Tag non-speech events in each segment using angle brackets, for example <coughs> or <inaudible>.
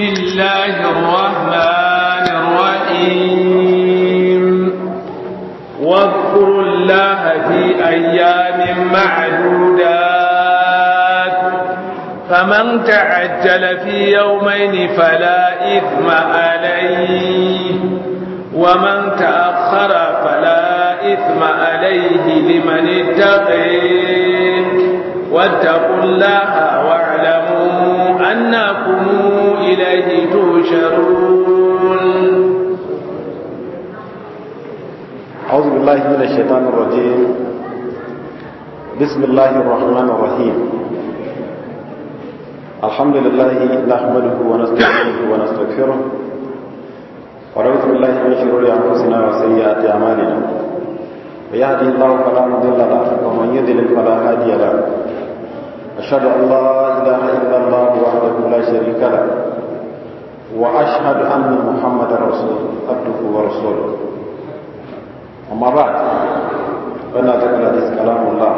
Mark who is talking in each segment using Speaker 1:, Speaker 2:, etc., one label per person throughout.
Speaker 1: بسم الله الرحمن الرحيم واذكروا الله في أيام معدودات فمن تعجل في يومين فلا إثم عليه ومن تأخر فلا إثم عليه لمن اتقيت واتقوا الله واعلموا أنكم
Speaker 2: وإليه تشرون
Speaker 3: أعوذ بالله من الشيطان الرجيم بسم الله الرحمن الرحيم الحمد لله نحمده ونستعينه ونستغفره ونعوذ بالله من شرور أنفسنا وسيئات أعمالنا ويهدي الله فلا مضل له ومن يضلل فلا هادي له أشهد أن لا إله إلا الله وحده لا شريك له وأشهد أن محمد رسول عبده ورسوله أما بعد فإن تقل الحديث كلام الله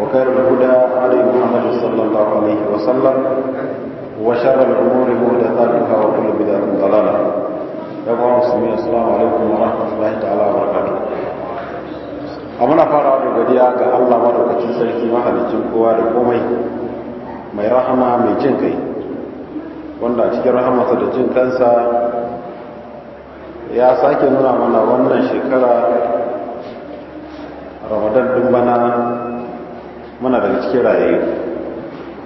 Speaker 3: وخير الهدى علي محمد صلى الله عليه وسلم وشر الأمور محدثاتها وكل بدعة ضلالة يا مسلمين السلام عليكم ورحمة الله تعالى وبركاته أمنا fara da godiya ga Allah madaukakin sarki mahalicin kowa da من جنكي, rahama wanda cikin rahamarsa da jin kansa ya sake nuna mana wannan shekara ramadan din bana muna daga cikin raye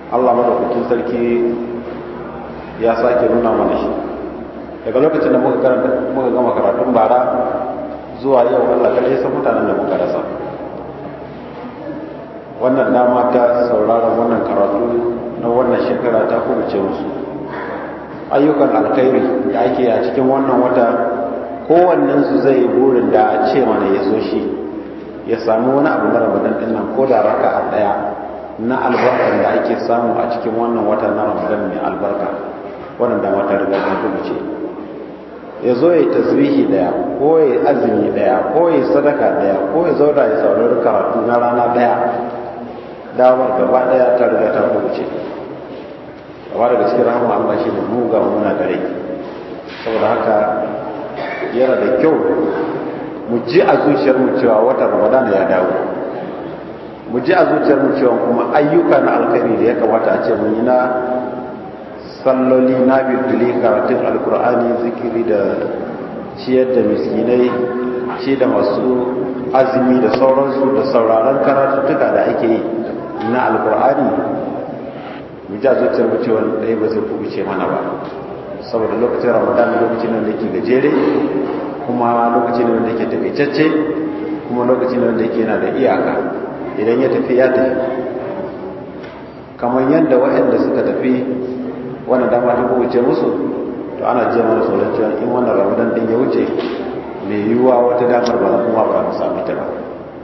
Speaker 3: allah madaukakin sarki ya sake nuna mana shi daga lokacin da muka gama karatun bara zuwa yau allah karshe san mutanen da muka rasa wannan dama ta sauraron wannan karatu na wannan shekara ta kuma ce musu ayyukan alkhairi da ake a cikin wannan wata kowannen su zai burin da ce mana ya so shi ya sami wani abu na ramadan din ko da raka a daya na albarka da ake samu a cikin wannan wata na ramadan mai albarka wadanda da wata riga ta kuma ce ya zo ya tasbihi daya ko ya azumi daya ko ya sadaka daya ko ya zauna ya saurari karatu na rana daya dawar gaba daya ta riga ta kuma ce kamar da cikin rahama Allah shi ne mu muna da rai saboda haka yana da kyau mu ji a zuciyar mu cewa watan Ramadan ya dawo mu ji a zuciyar mu cewa kuma ayyuka na alkhairi da ya kamata a ce mun yi na salloli na bibili, karatun alkur'ani zikiri da ciyar da miskinai ce da masu azumi da sauransu da sauraron karatuttuka da ake yi na alkur'ani mu ja zuciyar mu cewa ɗaya eh, ba zai kubuce mana ba saboda lokacin ramadan lokacin nan da ke gajere kuma lokacin nan da ke cacce kuma lokacin nan da ke yana da iyaka idan ya tafi ya tafi kamar yadda waɗanda suka tafi wannan dama ta kubuce musu to ana je mana tsoron cewa in wannan ramadan din ya wuce mai yiwuwa wata damar ba za kuma ba mu sami ta ba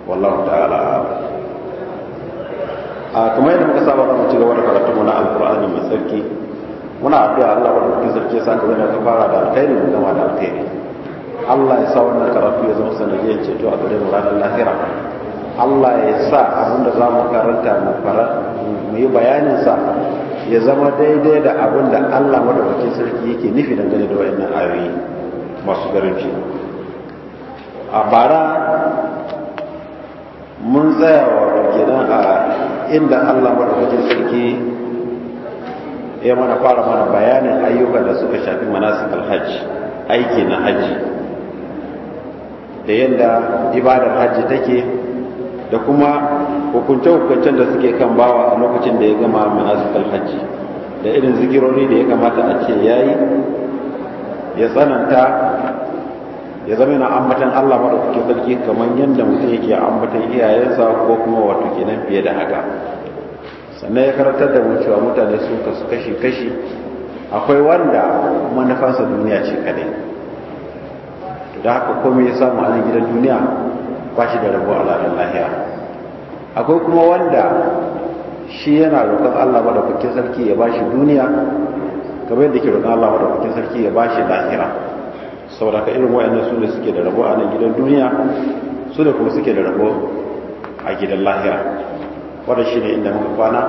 Speaker 3: wallahu ta'ala a kamar yadda muka saba za mu ci gaba da karatu mu na mai tsarki muna addu'a Allah ke sarki ya ka zama ka fara da alkhairi mu gama da alkhairi Allah ya sa wannan karatu ya zama sanadiyar ceto a gare mu ranar lahira Allah ya sa abinda za mu karanta mu fara mu yi bayanin sa ya zama daidai da abin da Allah madaukakin sarki yake nufi dangane da wayannan ayoyi masu garanti a bara mun tsaya wa kenan a inda Allah madaukakin sarki ya mana fara mana bayanin ayyukan da suka shafi manasikal Hajji aiki na Hajji. da yadda ibadar haji take da kuma hukunce-hukuncen da suke kan bawa a lokacin da ya gama manasikal Hajji da irin zikirori da ya kamata a ce ya yi ya tsananta ya zama yana ambatan Allah kuke sarki kamar yadda mutum yake ambatan iyayensa ko kuma wato kenan fiye da haka sannan ya karantar da mu cewa mutane su kasu kashi kashi akwai wanda manufansa duniya ce kadai to da haka komai ya samu an gidan duniya ba shi da rabo a ladan lahiya akwai kuma wanda shi yana roƙon Allah kuke sarki ya ba shi duniya kamar yadda ke roƙon Allah kuke sarki ya ba shi lahira saboda ka irin wayannan su ne suke da rabo a nan gidan duniya su ne kuma suke da rabo a gidan lahira wadda shi ne inda muka kwana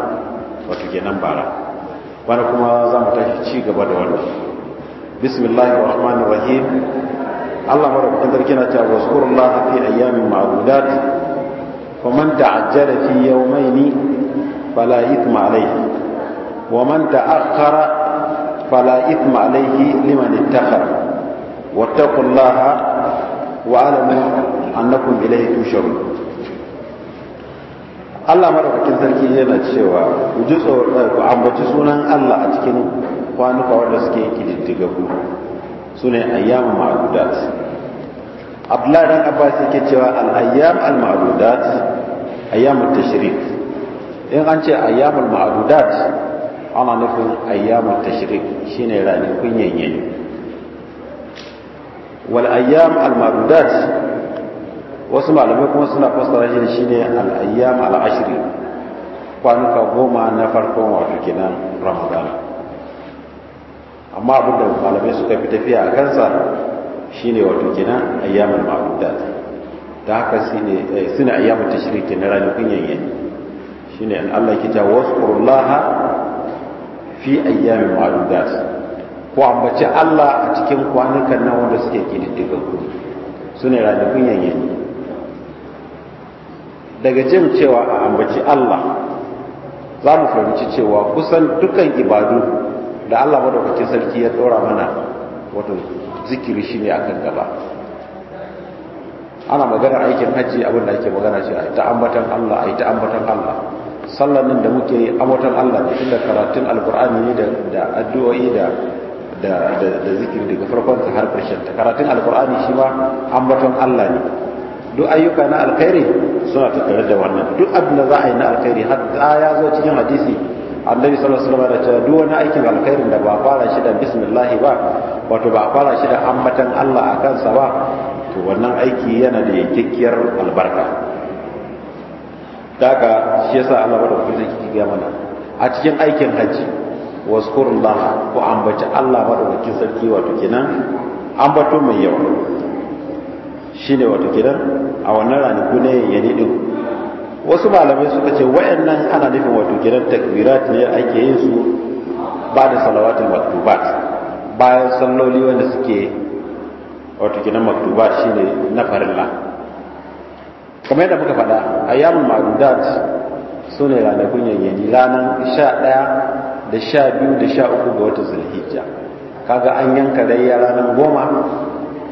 Speaker 3: wato kenan bara wadda kuma za mu tashi ci gaba da wannan bismillahir rahmanu rahim Allah madaukakin zarki na cewa a yamin ayyamin ma'dudat wa man ta'ajjala fi mai ni, ithma alayhi wa man a fala ithma alayhi liman ittakhara واتقوا الله واعلموا انكم اليه تشرون Allah madaukakin sarki yana cewa ku ji ku ambaci sunan Allah a cikin kwanuka wanda suke kididdigagu su ne ayyam ma'adudat Abdullahi dan Abbas yake cewa al-ayyam al-ma'adudat ayyamut tashrik in an ce al ma'adudat ana nufin ayyamut tashrik shine ranakun yanyayi wal ayyam al wasu malamai kuma suna fassara shi da shine al ayyam al'ashirin kwanuka goma na farkon wato kenan ramadan amma abin da malamai suka fi tafiya a kansa shine wato kenan ayyam al ta haka shine eh, suna ayyam tashrik na ranakun yanyan shine an Allah kita wasqurullaha fi ayyam ma'dudat ku ambaci Allah a cikin kwanukan nan wanda suke kididdiga ku su ne ranakun yanyanyi daga jin cewa a ambaci Allah za mu fahimci cewa kusan dukan ibadu da Allah madaukakin sarki ya ɗora mana wato zikiri shi ne akan gaba ana magana aikin hajji abinda ake magana shi a ta ambatan Allah a ta ambatan Allah sallan da muke yi ambatan Allah da inda karatun alkur'ani ne da addu'o'i da da zikiri daga farkonsa har ƙarshen ta karatun alkur'ani shi ma ambaton Allah ne duk ayyuka na alkhairi suna tattare da wannan duk abin da za a yi na alkhairi da ya zo cikin hadisi annabi sallallahu alaihi wasallam da cewa duk wani aikin alkhairin da ba a fara shi da bismillah ba wato ba a fara shi da ambaton Allah a kansa ba to wannan aiki yana da yakkiyar albarka daga shi yasa Allah bada kuma zai kiga mana a cikin aikin hajji waskurullah ku ambaci Allah madaukakin sarki wato kenan ambato mai yawa shine wato kenan a wannan ranaku ne ya nidin wasu malamai suka ce wayannan ana nufin wato kenan takbirat ne ake yin su ba da salawatul maktubat bayan salloli wanda suke wato kenan maktubat shine na farilla kamar yadda muka faɗa ayyamul ma'dudat sune ranakun yayyani ranar 11 da sha biyu da sha uku ga wata zulhijja kaga an yanka layya ranar goma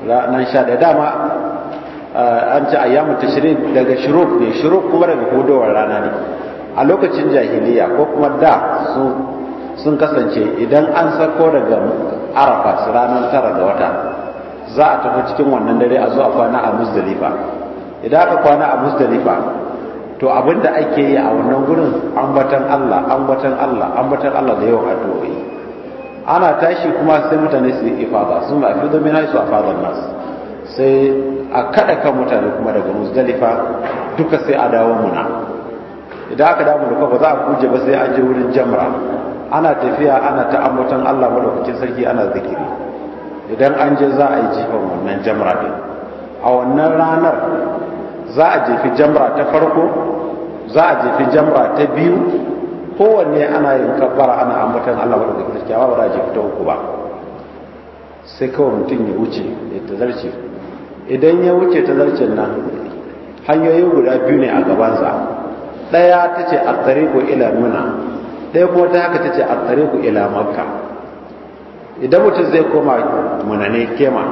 Speaker 3: ranar sha da dama eh, an ci ayyamu shirin daga shuruk ne shuruk kuma daga hudowar rana ne a lokacin jahiliya ko kuma da sun kasance idan an sako daga arafa su ranar tara ga wata za a tafi cikin wannan dare a zuwa kwana a musdalifa idan aka kwana a musdalifa to abin da ake yi a wannan gurin ambatan Allah ambatan Allah ambatan Allah da yawan addu'o'i ana tashi kuma sai mutane su yi ifada sun ma fi domin su a fadar nasu sai a kada kan mutane kuma daga muzdalifa duka sai a dawo muna idan aka dawo muna ba za a kuje ba sai an je wurin jamra ana tafiya ana ta ambatan Allah madaukakin sarki ana zikiri idan an je za a yi jifan wannan jamra din a wannan ranar za a jefi jamra ta farko za a jefi jamra ta biyu kowanne ana yin kabbara ana ambatan Allah wa da gaskiya ba za a jefi ta uku ba sai kawai mutum ya wuce ya tazarce idan ya wuce tazarcen nan hanyoyin guda biyu ne a gabansa ɗaya ta ce a tsariku ila nuna ɗaya kuma ta haka ta ce a tsariku ila makka idan mutum zai koma munane kema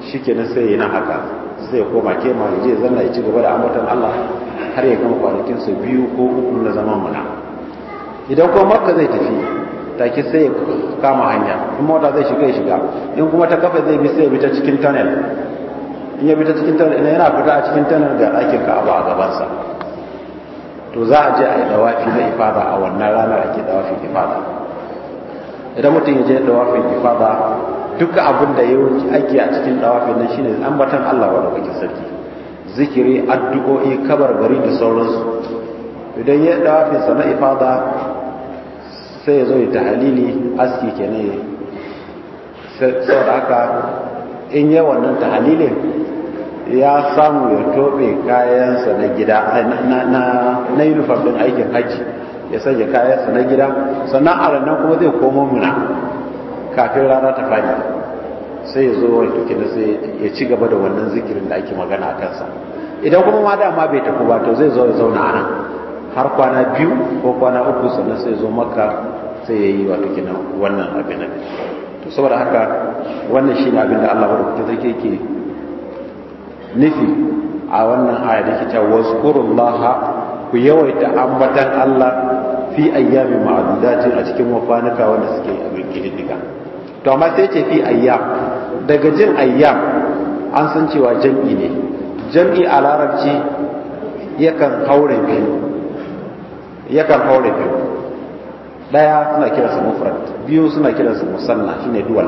Speaker 3: shi kenan sai yi na haka zai koma kema ya je zanna ya ci gaba da amurtan Allah har ya gama kwanakinsa biyu ko uku na zaman muna idan kuma makka zai tafi take sai ya kama hanya in mota zai shiga ya shiga in kuma ta kafa zai bi sai ya bi ta cikin tunnel in ya bi ta cikin tunnel yana fita a cikin tunnel ga ɗakin ka'aba a gabansa to za a je a yi dawafi na ifada a wannan ranar ake dawafi ifada idan mutum ya je dawafin ifada duka abin da yawanci ake a cikin dawafin nan shine ambatan Allah wa kake sarki zikiri addu'o'i kabar bari da sauransu idan ya dawafin sa na ifada sai ya zo ya tahalili aski kenan saboda haka in yi wannan tahalilin ya samu ya tobe kayansa na gida na yi ɗin aikin hajji ya sanya kayansa na gida sannan a ranar kuma zai komo muna kafin rana ta fari sai ya zo wani da sai ya ci gaba da wannan zikirin da ake magana a kansa idan kuma ma dama bai tafi ba to zai zo ya zauna a nan har kwana biyu ko kwana uku sannan sai zo maka sai ya yi wato kina wannan abin nan to saboda haka wannan shi ne abin da Allah barkatu take yake nufi a wannan aya da ke ku yawaita ambatan Allah fi ayyami ma'adudati a cikin wafanuka wanda suke abin kididdiga to amma sai ce fi ayyam daga jin ayyam an san cewa jam'i ne jam'i a larabci yakan haure biyu yakan haure biyu daya suna kiransa mufrad biyu suna kiransa musanna shine duwal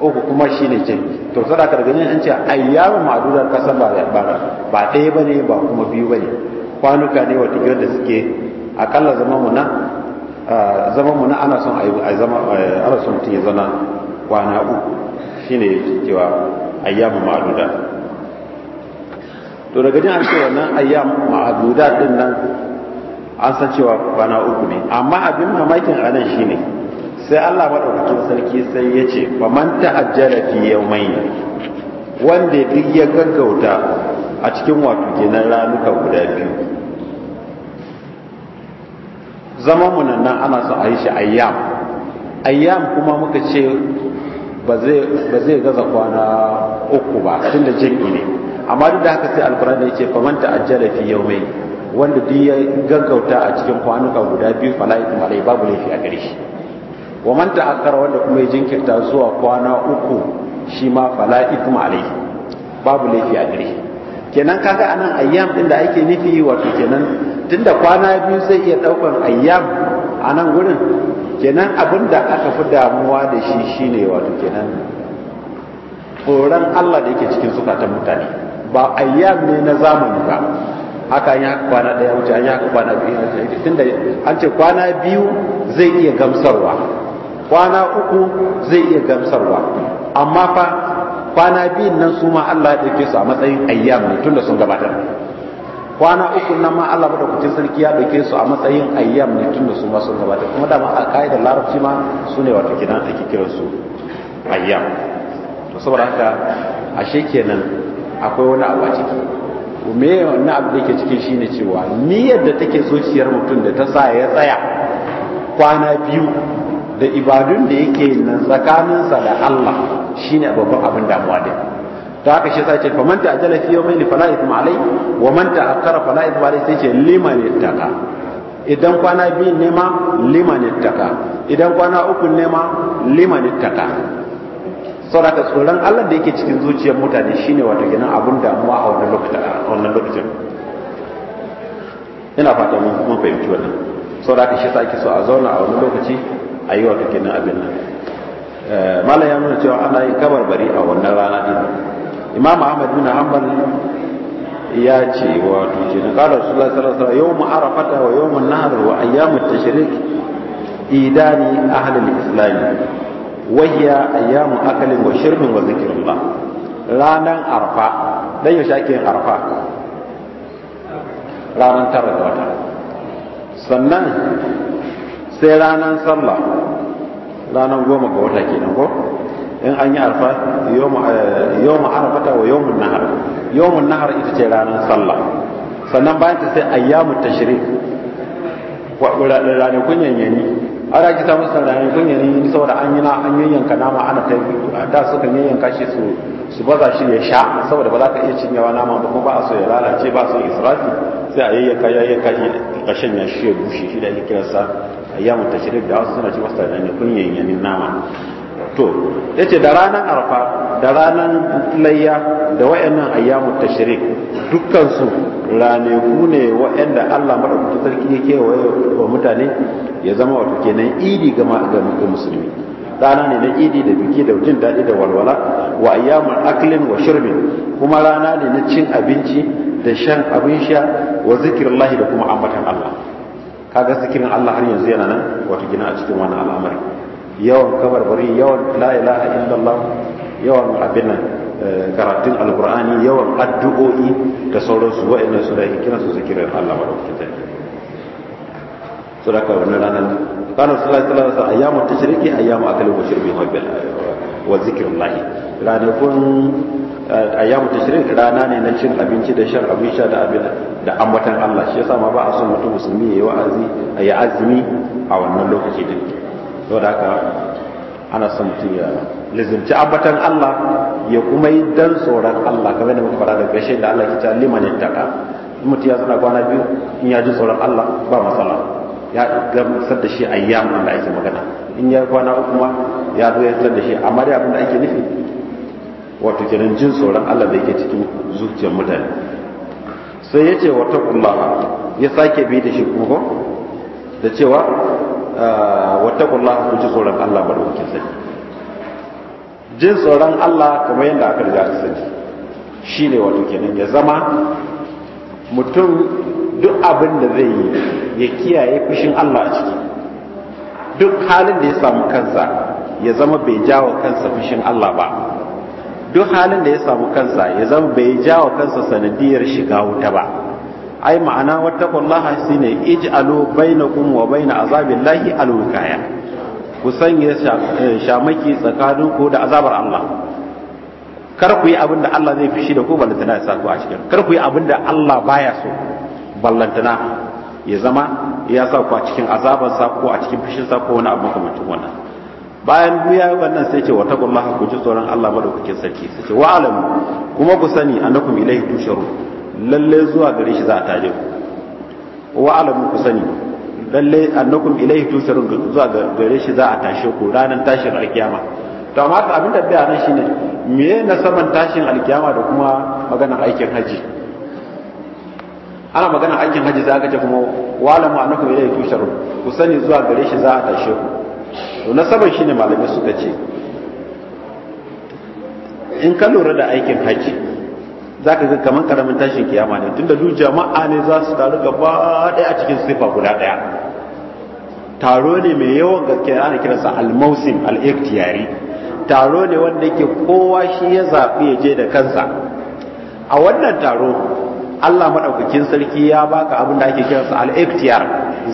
Speaker 3: uku kuma shine jam'i to sadaka daga nan an ce ayyamu ma'dudat kasan ba ba ba ɗaya bane ba kuma biyu bane kwanuka ne wata da suke akalla zaman na zaman mu na ana son a zama ana son mutum ya zana kwana uku shine cewa ayyamu ma'aduda to daga jin an ce wannan ayyamu ma'aduda din nan an san cewa kwana uku ne amma abin mamakin anan ne sai Allah madaukakin sarki sai ya ce manta ajiyar fiye mai wanda duk ya gaggauta a cikin wato kenan ramuka guda biyu zaman mu nan ana son a yi shi ayyam ayyam kuma muka ce ba zai gaza kwana uku ba tunda jin'i ne amma duk da haka sai alkurani ya ce faman ta'ajjala fi mai wanda duk ya gaggauta a cikin kwanuka guda biyu fala ithma alai babu laifi a gare shi wa man ta'akkara wanda kuma ya jinkirta zuwa kwana uku shi ma fala ithma alai babu laifi a gare shi kenan kaga anan ayyam din da ake nufi wato kenan tunda kwana biyu zai iya daukan ayyam a nan gurin kenan abin da aka fi damuwa da shi shine wato kenan tsoron Allah da yake cikin zukatan mutane ba ayyam ne na zamani ba haka an yi haka kwana ɗaya wuce an yi haka kwana biyu wuce tunda an ce kwana biyu zai iya gamsarwa kwana uku zai iya gamsarwa amma fa kwana biyun nan su ma Allah ya ɗauke su a matsayin ayyam ne tunda sun gabatar kwana uku nan ma Allah madaukakin sarki ya ɗauke su a matsayin ayyam ne tunda su ma sun gabatar kuma dama a ka'idar larabci ma su ne wato kidan ake kiran su ayyam to saboda haka ashe kenan akwai wani abu a ciki me wannan abu da yake cikin shine cewa niyyar da take zuciyar mutum da ta sa ya tsaya kwana biyu da ibadun da yake nan tsakaninsa da Allah shine babban abin damuwa da ta haka shi sai ce fa man ta'ajjala fi yawmayn fala ithma alai wa man ta'akkara fala ithma alai sai ce liman ittaka idan kwana biyu ne ma liman ittaka idan kwana uku ne ma liman ittaka saboda tsoron Allah da yake cikin zuciyar mutane shine wato ginin abin damuwa a wannan lokacin a wannan lokacin ina fata mun fahimci wannan saboda shi sa ake so a zauna a wannan lokaci a yi wato kenan abin nan eh, malam ya nuna cewa ana yin kabarbari a wannan rana din imam ahmad bin hanbal ya ce wato kenan na rasulullahi sallallahu alaihi wasallam yawm arafata wa yawm an-nahr wa ayyam at-tashrik idani ahli al-islam wa hiya ayyam akalin wa shirbin wa zikrullah ranan arfa dan ya ake arfa ranan tara da wata sannan sai ranar sallah ranar goma ga wata kenan ko in an yi arfa yawon eh, arfata wa yawon nahar yawon nahar ita ce ranar sallah sannan bayan ta sai ayyamu tashrik ranakun yanyi an raki ta musu ranakun yanyani saboda an yi na an yanyanka nama ana ta da suka yanyanka shi su su baza shi ya sha saboda ba za ka iya cinyewa nama ba kuma ba a so ya lalace ba so israfi sai a yayyanka yayyanka shi ka shanya shi ya bushe shi da ake kiransa ayyamun tashrik da wasu suna ce masa ne kunyan yanin nama to yace da ranar arfa da ranar layya da wayannan ayyamun tashrik dukkan su ku ne wayanda Allah madaukakin sarki yake wa mutane ya zama wato kenan idi ga ga musulmi rana ne na idi da biki da jin daɗi da walwala wa ayyamun aklin wa shirbin kuma rana ne na cin abinci da shan abin sha wa zikirin da kuma ambatan Allah kaga zikirin Allah har yanzu yana nan wato gina a cikin wannan al'amari yawan kabarbari yawan la ilaha illallah yawan abin nan eh, karatun alqur'ani yawan addu'o'i da sauransu wa'annan su da kira su zikirin Allah ba sarki so da kawai wannan ranar kana sallallahu alaihi wasallam ayyamu tashriki ayyamu akalu mushrikin wa bil wa zikrullah ranakun ayyamu tashrin rana ne na cin abinci da shan abin sha da abin da ambatan Allah shi yasa ma ba a son mutum musulmi yayi wa'azi ayi azumi a wannan lokaci din saboda haka ana son mutum ya lizinci ambatan Allah ya kuma yi dan tsoron Allah kamar da muka fara da gashe da Allah ke ta liman taka mutum ya tsana kwana biyu in ya ji tsoron Allah ba matsala ya gamsar da shi ayyam da ake magana in ya kwana uku ma ya zo ya tsar da shi amma dai abin da ake nufi wato kenan jin tsoron Allah da yake cikin zuciyar mutane sai ya ce wata kullaha ya sake bi da shi kuma da cewa ah, wata kullaha ku ji tsoron Allah ba da sani jin tsoron Allah kamar yadda aka riga ka sani shi ne wato kenan ya zama mutum duk abin da zai yi ya kiyaye fushin Allah a ciki duk halin da ya samu kansa ya zama bai jawo kansa fushin Allah ba duk halin da ya samu kansa ya zama bai jawo kansa sanadiyar shiga wuta ba ai ma'ana wata shi shine ij'alu bainakum wa baina azabillahi alwikaya ku sanya eh, shamaki tsakanin ku da azabar Allah kar ku yi abin da Allah zai fishi da ku ballantana ya saku a cikin kar ku yi abin da Allah baya so ballantana ya zama ya saku a cikin azabar sa ko a cikin fishin sa ko wani abu makamancin wannan bayan ya wannan sai ce wa taqullaha ku ji tsoron Allah kuke sarki sai ce wa alam kuma ku sani annakum ilayhi tusharu lalle zuwa gare shi za a taje ku wa alam ku sani lalle annakum ilayhi tusharu zuwa gare shi za a tashe ku ranar tashin alkiyama to amma abin da nan shine me na saman tashin alkiyama da kuma maganar aikin haji ana maganar aikin haji za ka ce kuma wa alam annakum ilayhi tusharu ku sani zuwa gare shi za a tashe ku to saban shine malamai suka ce in ka lura da aikin haji za ka ga kamar karamin tashin kiyama ne tunda duk jama'a ne za su taru gaba ɗaya a cikin sifa guda ɗaya taro ne mai yawan gaske ana kiransa al-mausim al-iktiyari taro ne wanda yake kowa shi ya zaɓi ya je da kansa a wannan taro Allah maɗaukakin sarki ya baka abin da ake kiransa al-iktiyar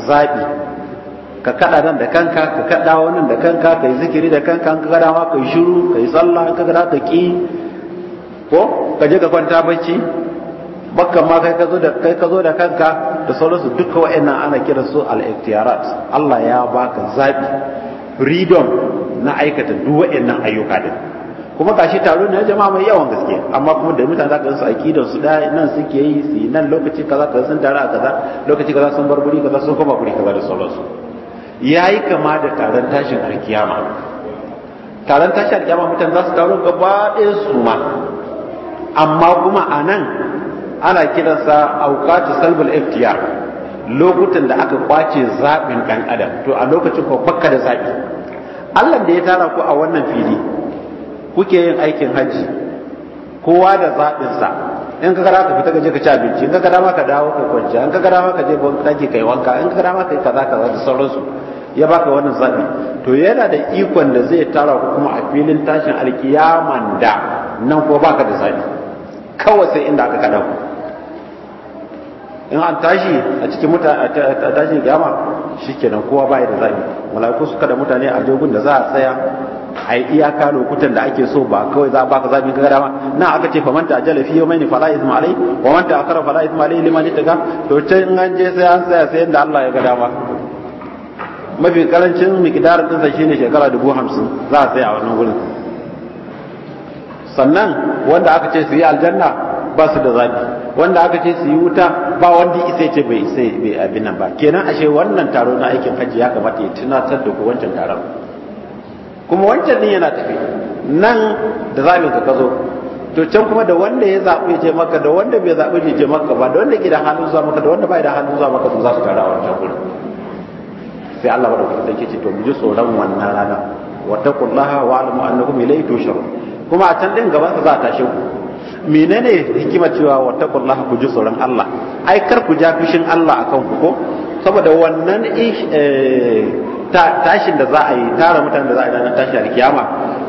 Speaker 3: zaɓi ka kada nan da kanka ka kada wannan da kanka ka yi zikiri da kanka ka kada ma ka yi shiru ka yi sallah ka kada ka ki ko ka je ka kwanta bacci bakka ma kai ka zo da kai ka zo da kanka da sauransu duka wa'annan ana kiran su al-ikhtiyarat Allah ya baka zabi freedom na aikata duk wa'annan ayyuka din kuma kashi taro ne jama'a mai yawan gaske amma kuma da mutane za ka su aƙidar su da nan suke yi su nan lokaci kaza kaza sun tara a kaza lokaci kaza sun bar guri kaza sun koma guri kaza da sauransu ya yi kama da taron tashin alkiyama taron tashin alkiyama mutum za su taru gaba ɗaya su ma amma kuma a nan ana kiransa aukatu salbul iftiya lokutan da aka kwace zaɓin ɗan adam to a lokacin ko bakka da zaɓi allah da ya tara ku a wannan fili kuke yin aikin hajji kowa da zaɓinsa in ka gara ka fita ka je ka ci abinci in ka gara ma ka dawo ka kwanci in ka gara ma ka je ɗaki ka Kai wanka in ka gara ma ka yi kaza kaza da sauransu ya baka wannan zabi to yana da ikon da zai tara ku kuma a filin tashin alkiyaman da nan ko baka da zabi kawai sai inda aka kaɗa ku in an tashi a cikin mutane a tashin kiyama shikenan kowa bai da zabi mala'iku su kada mutane a jogun da za a tsaya ai iyaka lokutan da ake so ba kawai za ka zabi ka dama na aka ce faman ta ajala fi yawmayn fala ithma alai wa man ta akara fala ithma alai liman ittaka to ce in an je sai an tsaya sai inda Allah ya ga dama mafi karancin miqdar din sa shine shekara 50 za a tsaya a wannan gurin sannan wanda aka ce su yi aljanna ba su da zabi wanda aka ce su yi wuta ba wanda isa ce bai isa bai abin nan ba kenan ashe wannan taro na aikin hajji ya kamata ya tunatar da ku wancan taron kuma wancan din yana tafi nan da zamin ka zo to can kuma da wanda ya zaɓi ya je maka da wanda bai zaɓi ya je maka ba da wanda ke da halin zuwa maka da wanda bai da halin zuwa maka su za su tara a wancan gurin sai Allah ba da kuma take ce to mu ji tsoron wannan rana wa taqullaha wa alamu annakum ilayhi tushrun kuma a can din gaba za ta tashi ku menene hikima cewa wa taqullaha ku ji tsoron Allah ai kar ku ja fushin Allah akan ku ko saboda wannan eh, tashin da za a yi tara mutanen da za a yi ranar tashin alkiyama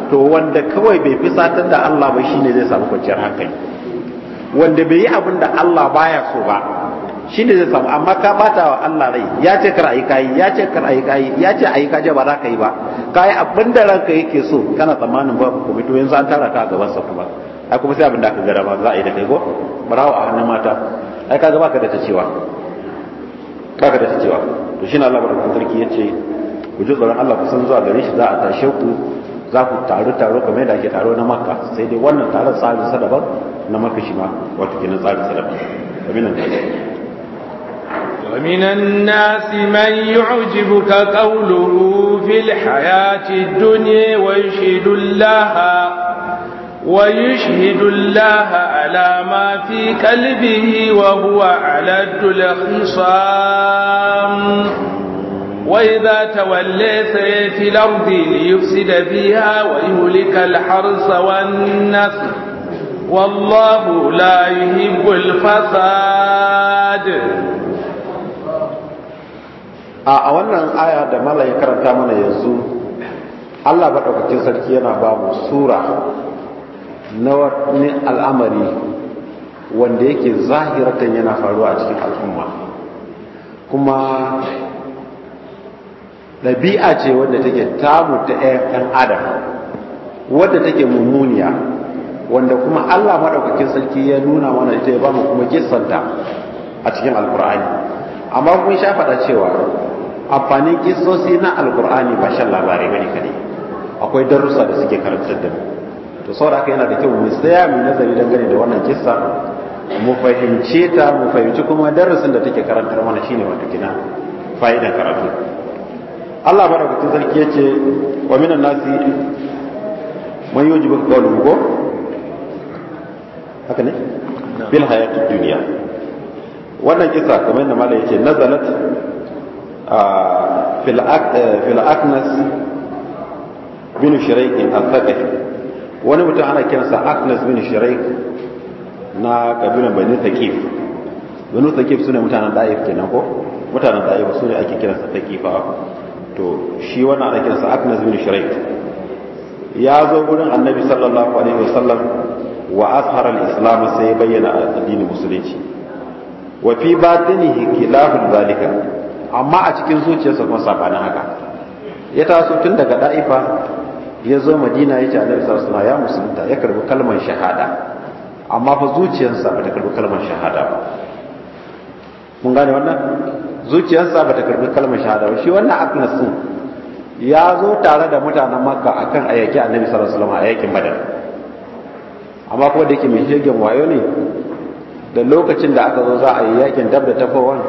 Speaker 3: to wanda kawai bai fi satar da Allah ba shine zai samu kwanciyar hankali wanda bai yi abin da Allah baya so ba shine zai samu amma ka bata wa Allah rai ya ce kar ayi kai ya ce kar ayi kai ya ce ayi kaje ba za ka yi ba kai abin da ranka yake so kana tsammanin ba ku to yanzu an tara ka a gaban sa kuma ai kuma sai abin da aka gara ba za a yi da kai ko barawo a hannun mata ai ka ga baka da ta cewa kaga da ta cewa to shine Allah barkatun sarki yace ku ji tsoron Allah ku san zuwa gare shi za a tashe ku za ku taru taro kamar yadda ake taro na makka sai dai wannan taro tsari sa daban na makka shi ma wato kenan tsari sa daban kamar nan
Speaker 1: ومن الناس من يعجبك قوله في الحياة الدنيا ويشهد الله ويشهد الله على ما في قلبه وهو على الخصام وإذا تولى في الأرض ليفسد فيها ويهلك الحرث والنسل والله لا يحب الفساد
Speaker 3: a wannan aya da mala ya karanta mana yanzu Allah maɗaukakin sarki yana ba mu sura na wani al'amari wanda yake zahiratan yana faruwa a cikin al'umma kuma ɗabi'a ce wadda take tamu ta ɗan adam wadda take mummuniya wanda kuma Allah maɗaukakin sarki ya nuna mana ita ya bamu kuma kissanta a cikin alkur'ani amma kun sha faɗa cewa amfanin kissosi na alkur'ani ba shan labarai bane kadai akwai darussa da suke karantar da mu to saboda haka yana da kyau mu tsaya mu nazari dangane da wannan kissa mu fahimce ta mu fahimci kuma darasin da take karantar mana shine wato gina fa'idan karatu Allah madaukakin sarki ce wa minan nasi man yujibu kawo ko haka ne bil hayatu duniya wannan kisa kamar yadda malai yace nazalat a fil aknas bin shiraik a thaqafi wani mutum ana kiransa aknas bin shiraik na kabilan bani thaqif bani su ne mutanen da'if kenan ko mutanen da'if ne ake kiransa thaqifa to shi wannan ana kiransa aknas bin shurayt ya zo gurin annabi sallallahu alaihi wasallam wa azhara al-islam sai bayyana addinin musulunci wa fi batinihi khilafun zalika amma a cikin zuciyarsa kuma sabanin haka ya taso tun daga da'ifa ya zo madina ya ce annabi sallallahu alaihi wasallam ya musulunta ya karbi kalmar shahada amma fa zuciyarsa ba ta karbi kalmar shahada ba mun gane wannan zuciyarsa ta karbi kalmar shahada ba shi wannan aknas din ya zo tare da mutanen makka akan ayyaki annabi sallallahu alaihi wasallam yakin badar amma kuma da yake mai shegen wayo ne da lokacin da aka zo za a yi yakin dab da tafawan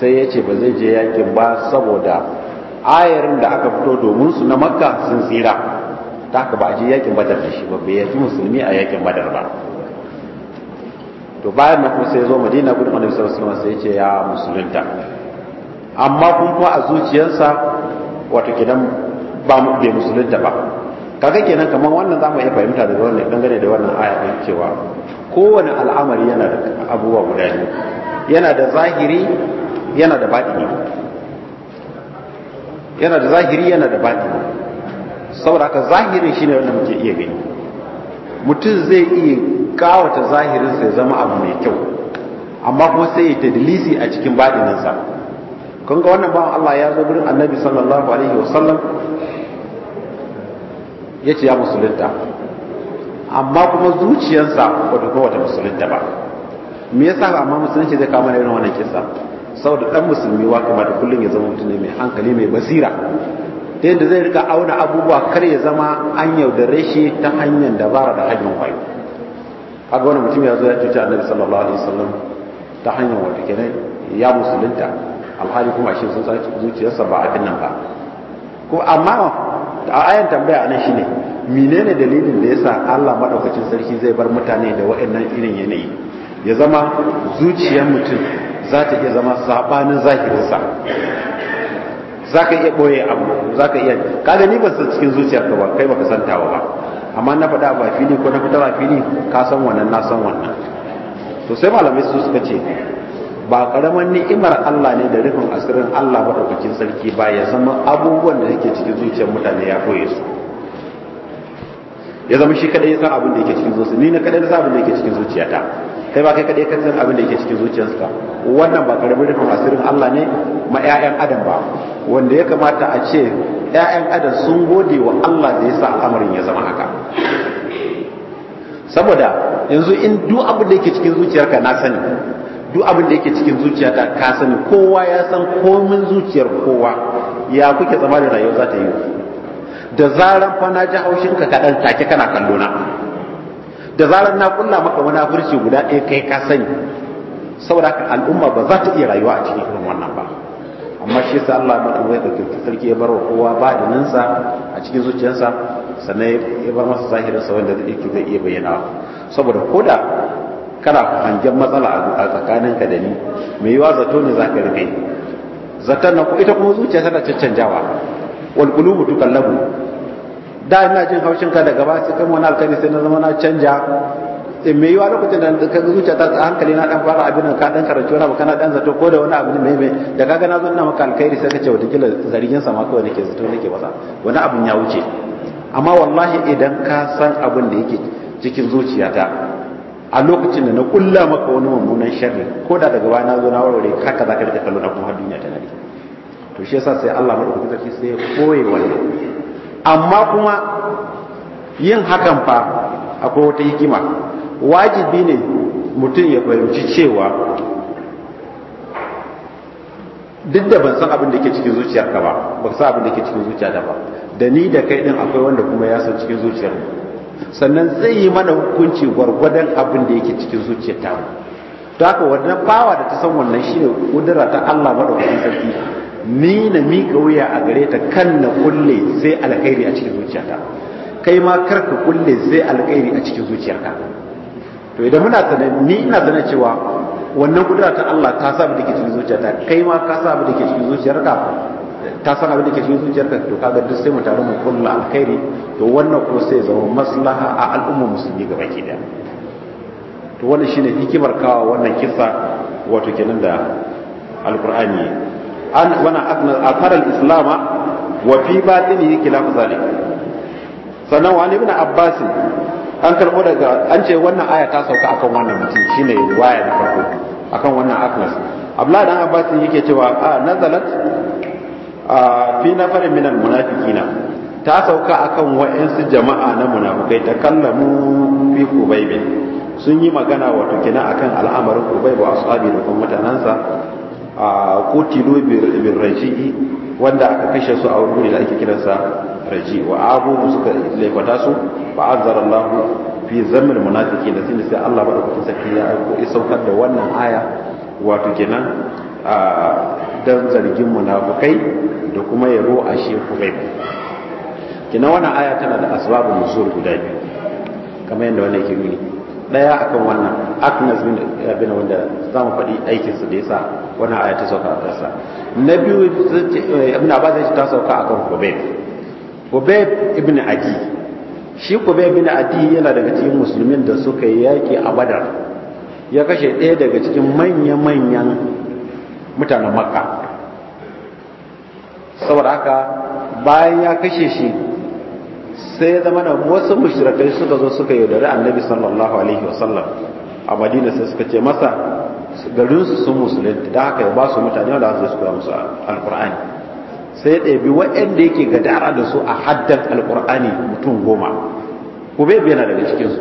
Speaker 3: sai ya ce ba zai je yakin ba saboda ayarin da aka fito domin su na makka sun tsira ta ka ba a je yakin badar da shi ba bai yaki musulmi a yakin badar ba to bayan na kuma sai ya zo madina gudun annabi sallallahu alaihi wasallam sai ya ce ya musulunta amma kun kuma a zuciyarsa wato kenan ba mu bai musulunta ba kaga kenan kamar wannan zamu iya fahimta daga wannan dangane da wannan aya din cewa kowane al'amari yana da abubuwa guda biyu yana da zahiri yana da batini yana da zahiri yana da batini saboda haka zahirin shine wanda muke iya gani mutum zai iya kawata zahirin sai zama abu mai kyau amma kuma sai ya tadlisi a cikin baɗininsa kun ga wannan bawan Allah ya zo gurin annabi sallallahu alaihi wasallam ya ce ya musulunta amma kuma zuciyarsa wata kuma wata musulunta ba me yasa ba amma musulunci zai kama irin wannan kisa saboda dan musulmi wa da kullum ya zama mutum ne mai hankali mai basira ta yadda zai rika auna abubuwa kar ya zama an yaudare shi ta hanyar dabara da hanyar kwayo kaga wani mutum ya zo ya cuci annabi sallallahu alaihi wasallam ta hanyar wata kenan ya musulunta alhali kuma shi sun tsaki zuciyarsa ba abin nan ba ko amma a ayan tambaya anan shine menene dalilin da yasa Allah madaukakin sarki zai bar mutane da waɗannan irin yanayi ya zama zuciyar mutum za ta iya zama sabanin zahirinsa za ka iya ɓoye abu za ka iya kaga ni ba cikin zuciyarka ba kai baka santawa ba amma na faɗa ba fili ko na fitar a fili ka san wannan na san wannan to sai malamai su suka ce ba karaman ni'imar Allah ne da rufin asirin Allah maɗaukakin sarki ba ya zama abubuwan da yake cikin zuciyar mutane ya koye su ya zama shi kadai ya san abin da yake cikin zuciya ni na kadai na san abin da yake cikin zuciyata sai ba kai kaɗai ka san abin da yake cikin zuciyarsa wannan ba karamin rufin asirin Allah ne ma 'ya'yan adam ba wanda ya kamata a ce 'ya'yan adam sun gode wa Allah da ya sa al'amarin ya zama haka saboda yanzu in duk abin da yake cikin zuciyarka na sani duk abin da yake cikin zuciyarka ka sani kowa ya san komin zuciyar kowa ya kuke tsammanin rayuwa za ta yi da zaran fa na ji haushinka kaɗan take kana kallona da zarar na kulla maka wani afirci guda ɗaya kai ka sani saboda haka al'umma ba za ta iya rayuwa a cikin irin wannan ba amma shi sa Allah ba kuma ya sarki ya bar wa kowa ba da sa a cikin zuciyarsa sannan ya bar masa zahirin sa wanda zai ki zai iya bayyana saboda koda kana hangen matsala a tsakaninka da ni mai yiwa zato ne za ka rike zaton na ita kuma zuciya tana caccanjawa wal qulubu tukallabu da ina jin haushin ka daga ba sai kan wani alkali sai na zama na canja eh, me yiwa lokacin da ka zuciya ta hankali na dan fara abin ka dan karatu wani abu kana dan zato ko da wani abu ne mai da kaga na zo ina maka alkhairi sai ka ce wata zargin sa ma kawai nake zato nake wasa. wani abin ya wuce amma wallahi idan ka san abin da yake cikin zuciyata a lokacin da na kulla maka wani mummunan sharri ko da daga baya na zo na warware haka ka rika kallo na kuma har duniya ta nade to shi yasa sai Allah madaukakin sarki sai ya koye wannan amma kuma yin hakan fa akwai wata hikima wajibi ne mutum ya fahimci cewa duk da ban san abin da ke cikin zuciyarka ba ba san abin da ke cikin da ba da ni da kai din akwai wanda kuma ya san cikin zuciyar sannan zai yi mana hukunci gwargwadon abin da yake cikin zuciyar ta to haka wannan fawa da ta san wannan shine kudura ta Allah madaukakin sarki ni na miƙa wuya a gare ta kan na kulle sai alkhairi a cikin zuciyarta, kai ma kar ka kulle sai alkhairi a cikin zuciyarka to idan muna sanar ni ina sanar cewa wannan kudura ta Allah ta sa da ke cikin zuciyarta, kai ma ka sa da ke cikin zuciyarka ta san abin da ke cikin zuciyarka to kaga duk sai mu taru mu kulla alkhairi to wannan ko sai zama maslaha a al'ummar musulmi gaba ke da. to wannan shine hikimar kawo wannan kisa wato kenan da alqur'ani an wana athar al-islam wa fi batinihi khilaf zalik sannan wa ibn abbas an karbo daga an ce wannan aya ta sauka akan wannan mutum shine waya da farko akan wannan akna abla dan abbas yake cewa a nazalat fi nafarin al munafiqina ta sauka akan wa'ansu jama'a na munafikai ta kallamu fi kubaibin sun yi magana wato kina akan al'amarin kubai wa ashabi da kuma mutanansa a kutilu bin raji'i wanda aka kashe su a wuri da ake kiransa raji'i wa abubu suka laifata su ba an zara Allah fi zamin munafiki da sun sai Allah bada kuka sakin ya aiko ya saukar da wannan aya wato kenan a dan zargin munafikai da kuma yabo a shi ku kenan wannan aya tana da asbabun nuzul guda biyu kamar yadda wannan yake nuni daya akan wannan aknas bin abin wanda zamu faɗi aikinsa da yasa wannan aya ta sauka a kansa na biyu eh, ibn abbas ta sauka a kan hubayb hubayb ibn adi shi hubayb ibn adi yana daga cikin musulmin da suka yi yaki a badar ya kashe ɗaya daga cikin manya-manyan mutanen makka saboda haka bayan ya kashe shi sai ya zama wasu mushrikai suka zo suka yaudari annabi sallallahu alaihi wasallam a madina sai suka ce masa su sun musulunci da haka ya ba su mutane wanda zai su koya musu alkur'ani sai ya ɗabi waɗanda yake gadara da su a haddan alkur'ani mutum goma ko bai biyana daga cikinsu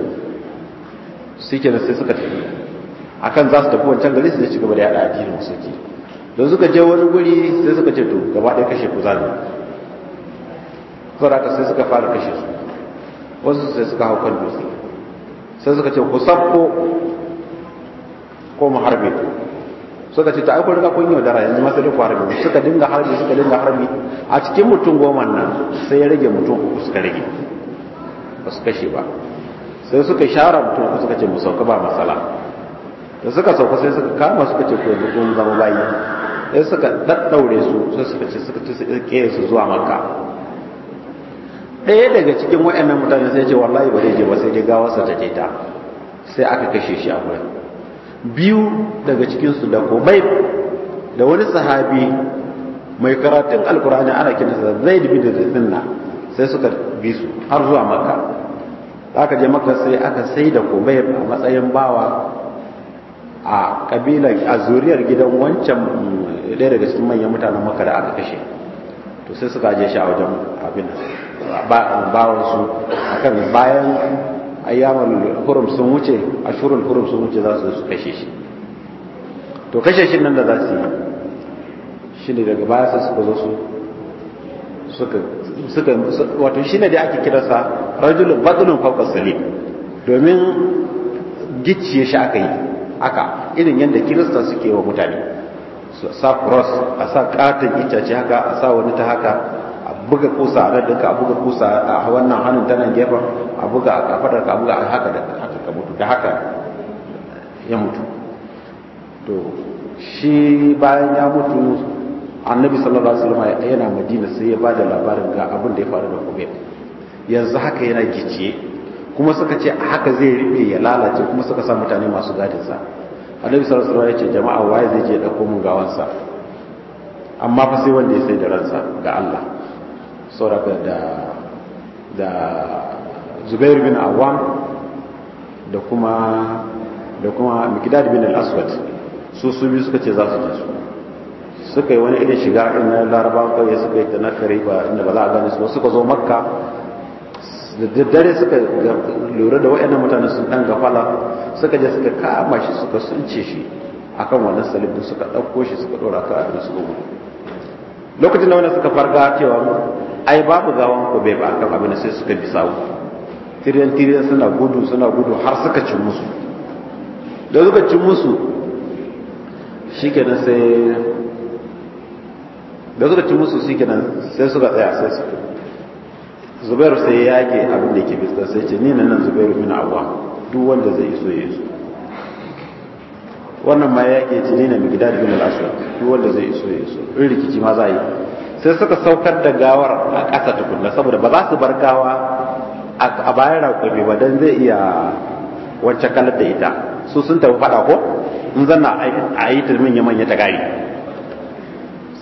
Speaker 3: su ke sai suka tafi kan za su tafi wancan gari su ci gaba da yaɗa addinin ke don suka je wani guri sai suka ce to gaba ɗaya kashe ku zanu saboda sai suka fara kashe su wasu sai suka hau kan dutse sai suka ce ku
Speaker 2: sabko
Speaker 3: ko mu harbe suka ce ta aiko riga kun dara yanzu masu duk harbi suka dinga harbi suka dinga harbi a cikin mutum goma nan sai ya rage mutum k'u suka rage ba su kashe ba sai suka share mutum k'u suka ce mu sauka ba matsala da suka sauka sai suka kama suka ce ku yanzu kun zama bayi sai suka daddaure su sai suka ce suka ce su zuwa makka ɗaya daga cikin waɗannan mutane sai ce wallahi ba zai je ba sai dai gawarsa ta je ta sai aka kashe shi a wurin biyu daga cikinsu da kubai da wani sahabi mai karatun alkur'ani ana kinsa zai dubi da sinna sai suka bi su har zuwa makka aka je makka sai aka sai da kubai a matsayin bawa a kabilar a zuriyar gidan wancan mm, ɗaya daga cikin manyan mutanen makka da aka kashe to sai suka je shi a wajen abin bawansu akan bayan ayyamul hurum sun wuce ashurul hurum sun wuce za su su kashe shi to kashe shi nan da za su yi shi ne daga baya sai suka zo su suka suka wato shi ne da ake kiransa rajulun batulun fawqa salim domin gicciye shi aka yi aka irin yadda kirista suke wa mutane su sa cross a sa katon itace haka a sa wani ta haka a buga kusa a raddaka a buga kusa a wannan hannun ta gefen a buga a kafadar ka buga haka da haka ka mutu da haka ya mutu to shi bayan ya mutu annabi sallallahu alaihi wasallam yana madina sai ya bada labarin ga abin da ya faru da kubai yanzu haka yana gice kuma suka ce haka zai ribe ya lalace kuma suka sa mutane masu gadin sa annabi sallallahu alaihi wasallam ya ce jama'a waye zai je dauko mun gawansa amma fa sai wanda ya sai da ransa ga Allah saboda da zubair bin awam da kuma da kuma mikdad bin al-aswad su su biyu suka ce za su je su suka yi wani irin shiga in na laraba kawai suka yi ta na ba inda ba za a gane su ba suka zo makka da daddare suka lura da waɗannan mutane sun ɗan gafala suka je suka kama shi suka sunce shi akan wannan salibin suka ɗauko shi suka ɗora ka abin su gudu lokacin da wannan suka farga cewa ai babu gawan ko bai ba akan abin sai suka bi sawu tiriyan tiriyan suna gudu suna gudu har suka cin musu da suka cin musu shi kenan sai da suka cin musu shi kenan sai suka tsaya sai su zubairu sai ya yage abin da ke bisa sai ce ni nan zubairu min abuwa duk wanda zai iso ya iso wannan ma ya ke cini na migida da al-aswad duk wanda zai iso ya iso in rikici ma za yi sai suka saukar da gawar a ƙasa tukunna saboda ba za su bar gawa a bayan raƙumi ba don zai iya wancan kalar da ita su sun tafi faɗa ko in zanna a yi tilmin ya manya ta gari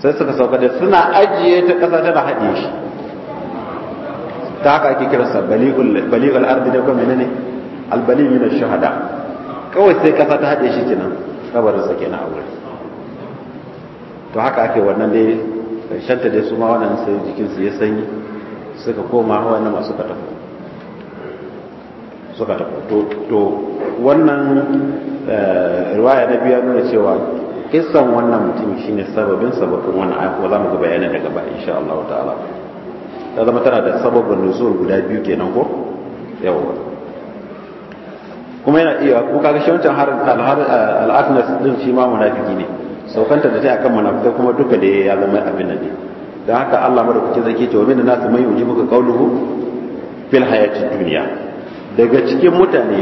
Speaker 3: sai suka sauka da suna ajiye ta ƙasa tana haɗe shi ta haka ake kiransa bali'ul ardi da kuma menene albali na shahada kawai sai ƙasa ta haɗe shi kenan sa kenan a wuri to haka ake wannan dai shanta dai su ma wannan sai jikinsu ya sanyi suka koma wannan masu ka suka tafi to to wannan eh, riwaya na biya nuna cewa kisan wannan mutum shine sababin sababin wannan ayat ko zamu ga bayanin daga ba insha Allah ta'ala ta zama tana da sababin nuzul guda biyu kenan ko yawa kuma yana iya ko kaga shi wancan har eh, al-afnas din shi ma munafiki ne saukanta da ta akan munafikai kuma duka da ya zama abin da ne dan haka Allah madaukaki zai ce wa min nasu man yujibuka qawluhu fil hayatid dunya daga cikin mutane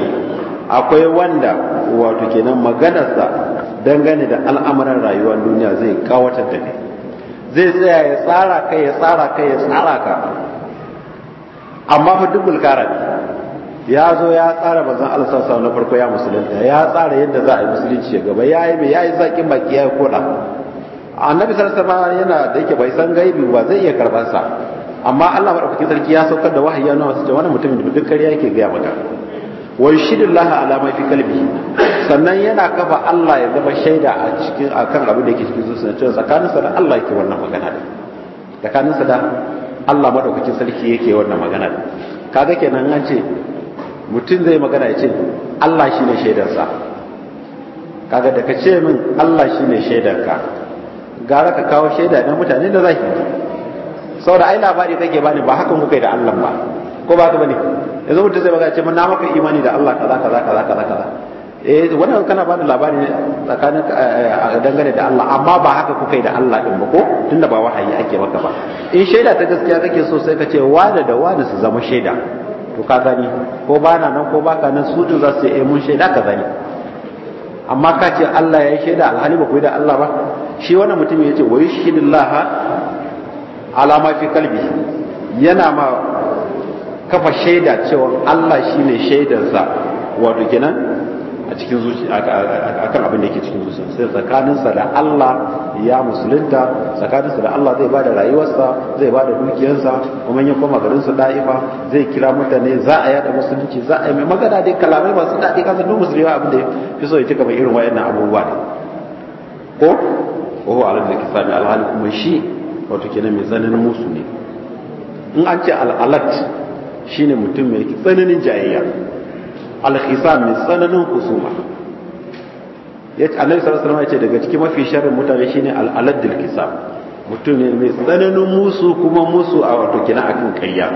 Speaker 3: akwai wanda wato kenan maganarsa dangane da al'amuran rayuwar duniya zai kawatar da kai zai tsaya ya tsara ka ya tsara ka ya tsara ka amma fa duk bulkara ya zo ya tsara bazan alasasa na farko ya musulunta ya tsara yadda za a yi musulunci gaba ya yi ya yi zakin baki ya yi koda annabi sallallahu alaihi yana da yake bai san gaibi ba zai iya karɓar sa amma Allah madaukakin sarki ya saukar da wahayi na wasu wannan mutumin da duk kariya yake gaya maka Wai shidin laha alama fi kalbi sannan yana kafa Allah ya zama shaida a cikin akan abin da yake cikin zuciyarsa tsakaninsa da Allah yake wannan magana da tsakaninsa da Allah madaukakin sarki yake wannan magana da kaga kenan an ce mutum zai magana ya ce Allah shine shaidarsa kaga da ka ce min Allah shine shaidarka gara ka kawo shaida na mutane da zaki. saboda ai labari kake bani ba hakan kuka yi da Allah ba ko ba ka bane yanzu mutum zai magana ce mun na maka imani da Allah kaza kaza kaza kaza kaza eh wannan kana bani labari ne tsakanin eh, dangane da Allah amma ba haka kuka yi da Allah din ba ko tunda ba wahayi ake maka ba in shaida ta gaskiya kake so sai ka ce wani da wani su zama shaida to ka gani ko ba na nan ko ba ka nan su za su yi eh, mun shaida ka gani amma ka ce Allah ya yi shaida alhali ba ku yi da Allah ba shi wannan mutum ya ce wa yushhidullaha alama fi kalbi yana ma kafa shaida cewa Allah shi ne shaidarsa wato kenan a cikin zuci, a kan abin da yake cikin zuci. sai tsakaninsa da Allah ya musulunta tsakaninsa da Allah zai bada rayuwarsa zai bada dukiyarsa kuma ya koma garin da'ifa zai kira mutane za a yada musulunci za a yi mai magana dai kalamai masu daɗi kasa duk musulmi abin da fi so ya ci kamar irin wayannan abubuwa ne ko wa huwa ke da alhali kuma shi wato kenan mai tsananin musu ne in an ce al'alat shi ne mutum mai tsananin jayayya alhisa mai tsananin kusuma ya ce annabi sallallahu alaihi ce daga cikin mafi sharin mutane shi ne al'alat dilkisa mutum ne mai tsananin musu kuma musu a wato kina akan kayya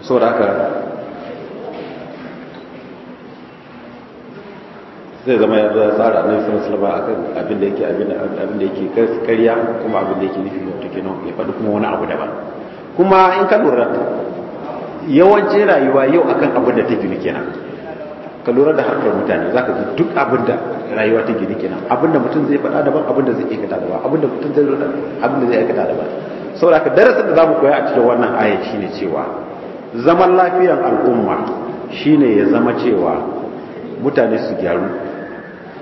Speaker 3: saboda haka zai zama ya zo ya tsara annabi sallallahu alaihi a kan abin da yake abin da yake karya kuma abin da yake nufi wato kenan ya faɗi kuma wani abu daban kuma in ka lura yawancin rayuwa yau akan abin da ta gini kenan ka lura da harkar mutane zaka ji duk abin da rayuwa ta gini kenan abin da mutum zai faɗa daban abin da zai aikata daban abin da mutum zai lura abin da zai aikata daban saboda ka darasin da zamu koya a cikin wannan aya shine cewa zaman lafiyar al'umma shine ya zama cewa mutane su gyaru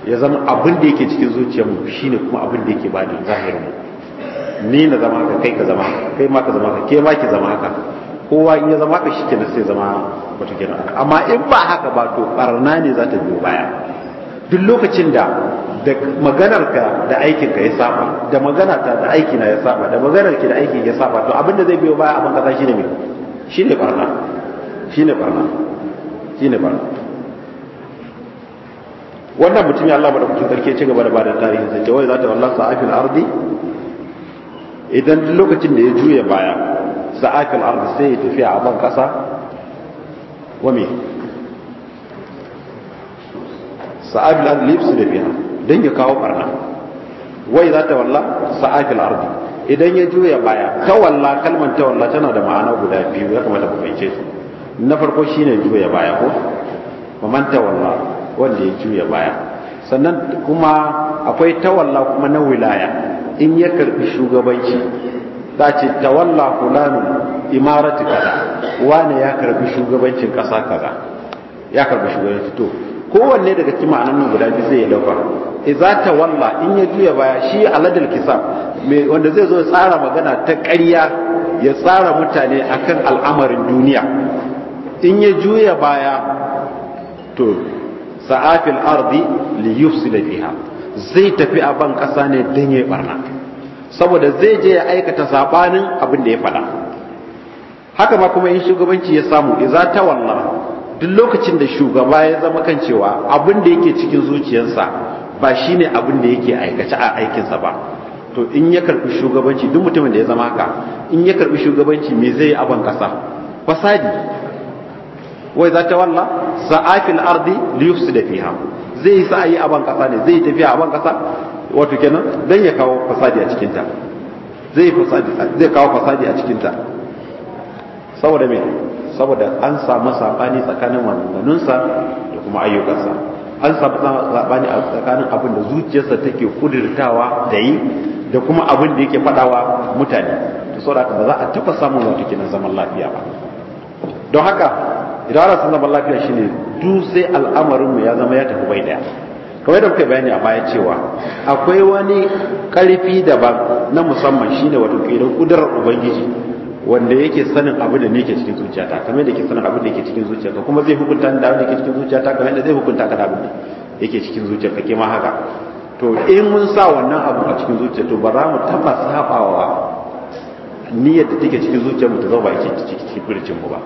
Speaker 3: ya zama abin da yake cikin zuciyarmu shine kuma abin da yake bani mu ni na zama ka kai ka zama kai ma ka zama ka ke ma ki zama ka, kowa in ya zama ka shi kenan sai zama wata kenan amma in ba haka ba to barna ne za ta biyo baya duk lokacin da da maganarka da aikinka ya saba da magana ta da aiki na ya saba da maganar ki da aiki ya saba to abin da zai biyo baya abin ka shine me shine barna shine barna shine barna wannan mutum ya Allah da sarki ya ci gaba da ba da tarihin sa jawai ta wallon sa'afin ardi idan lokacin da ya juya baya sa'afin ardi sai ya tafi a ban kasa wame sa'afin ardi lips da biya don ya kawo barna wai za ta wallan sa'afin ardi idan ya juya baya ta tawalla kalmar walla tana da ma'ana guda biyu ya kamata ku fahimce su na farko shine juya baya ko wa man walla. wanda ya juya baya sannan kuma akwai tawalla kuma na wilaya in ya karbi shugabanci za ce tawalla kulanu imarati kaza wane ya karbi shugabancin kasa kaza ya karbi shugabanci to kowanne daga cikin ma'anan nan guda biyu zai ya dauka idza tawalla in ya juya baya shi aladul kisab me wanda zai zo tsara magana ta ƙarya ya tsara mutane akan al'amarin duniya in ya juya baya to sa'afil ardi li yufsila fiha zai tafi a ban kasa ne dan yayi barna saboda zai je ya aikata sabanin abin da ya faɗa haka ma kuma in shugabanci ya samu ta walla duk lokacin da shugaba ya zama kan cewa abin da yake cikin zuciyarsa ba shine abin da yake aikace a aikinsa ba to in ya karbi shugabanci duk mutumin da ya zama haka in ya karbi shugabanci me zai yi a ban kasa fasadi wai za ta walla sa'afil ardi li yufsida fiha zai sa yi aban kasa ne zai tafiya aban kasa wato kenan dan ya kawo fasadi a cikin ta zai fasadi zai kawo fasadi a cikin ta saboda me saboda an samu sabani tsakanin wannanunsa da kuma ayyukansa an samu sabani a tsakanin abin da zuciyarsa take kudirtawa da yi da kuma abin da yake fadawa mutane to saboda ba za a taba samun wato kenan zaman lafiya ba don haka idan ana zama lafiya shine duk sai al'amarin ya zama ya tafi bai daya kawai da kuka bayani a baya cewa akwai wani karfi daban na musamman shine wato kidan kudurar ubangiji wanda yake sanin abu da nake cikin zuciyata kamar da yake sanin abu da yake cikin zuciyata kuma zai hukunta da abin da yake cikin zuciyata kamar da zai hukunta ka da abin da yake cikin zuciyarka ke ma haka to in mun sa wannan abu a cikin zuciya to ba za mu taba sabawa niyyar da take cikin zuciyarmu ta zama ba yake cikin furcin mu ba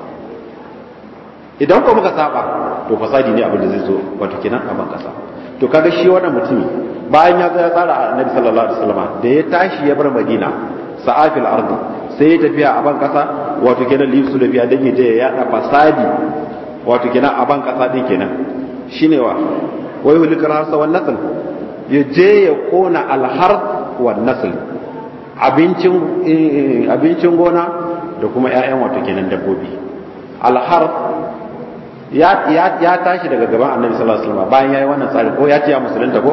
Speaker 3: idan ko muka saba to fasadi ne abin da zai zo wato kenan a ban kasa to kaga shi wannan mutumi bayan ya ga tsara annabi sallallahu alaihi wasallam da ya tashi ya bar madina sa'afil ardi sai ya tafiya a ban kasa wato kenan lisu da biya dan ya da fasadi wato kenan a ban kasa din kenan shine wa wai hulikar harsa wan nasl ya je ya kona alhar wan nasl abincin eh, abincin gona da kuma ƴaƴan wato kenan dabbobi alhar ya tashi daga gaban annabi sallallahu alaihi wasallam bayan yayi wannan tsari ko ya ce ya musulunta ko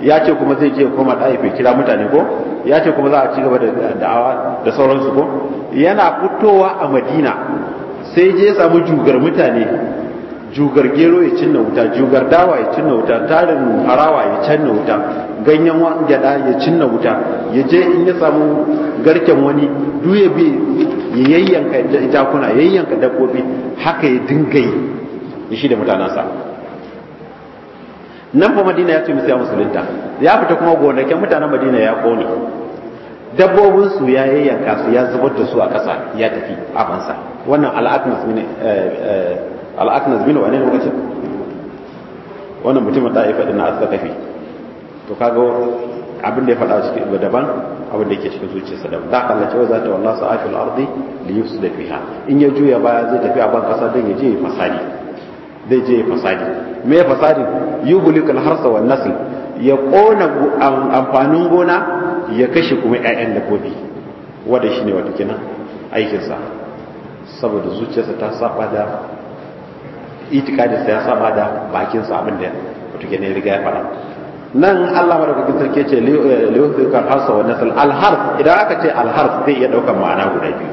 Speaker 3: ya ce kuma zai je koma ɗaife kira mutane ko ya ce kuma za a ci gaba da da'awa da sauransu ko yana fitowa a madina sai je samu jugar mutane jugar gero ya cinna wuta jugar dawa ya cinna wuta tarin harawa ya cinna wuta ganyen gyada ya cinna wuta ya je in ya samu garken wani ya bi ya yayyanka jakuna yayyanka dabbobi haka ya dinga yi shi da mutanensa nan fa madina ya ce musu ya musulunta ya fita kuma gonakin mutanen madina ya kone dabbobin su ya yayyanka su ya zubar da su a ƙasa ya tafi a bansa wannan al'aknas bin eh, eh, al'aknas wani lokacin wannan mutumin da'ifa din na tafi to kago abin da ya faɗa cikin daban abin da yake cikin zuciyarsa daban da Allah cewa za ta wallahi sa'atul ardi li yufsida fiha in ya juya baya zai tafi a ban kasa don ya je fasadi zai je fasadi me fasadi yubulikul harsa wan nasl ya kona amfanin gona ya kashe kuma ƴaƴan dabbobi wanda shine wato kenan aikin sa saboda zuciyarsa ta saba da itikadinsa ya saba da bakinsa abin da wato kenan riga ya fara nan Allah madaukakin sarki ce liyuhikal eh, harsa wa nasl al harf idan aka ce al harf zai iya daukar ma'ana guda biyu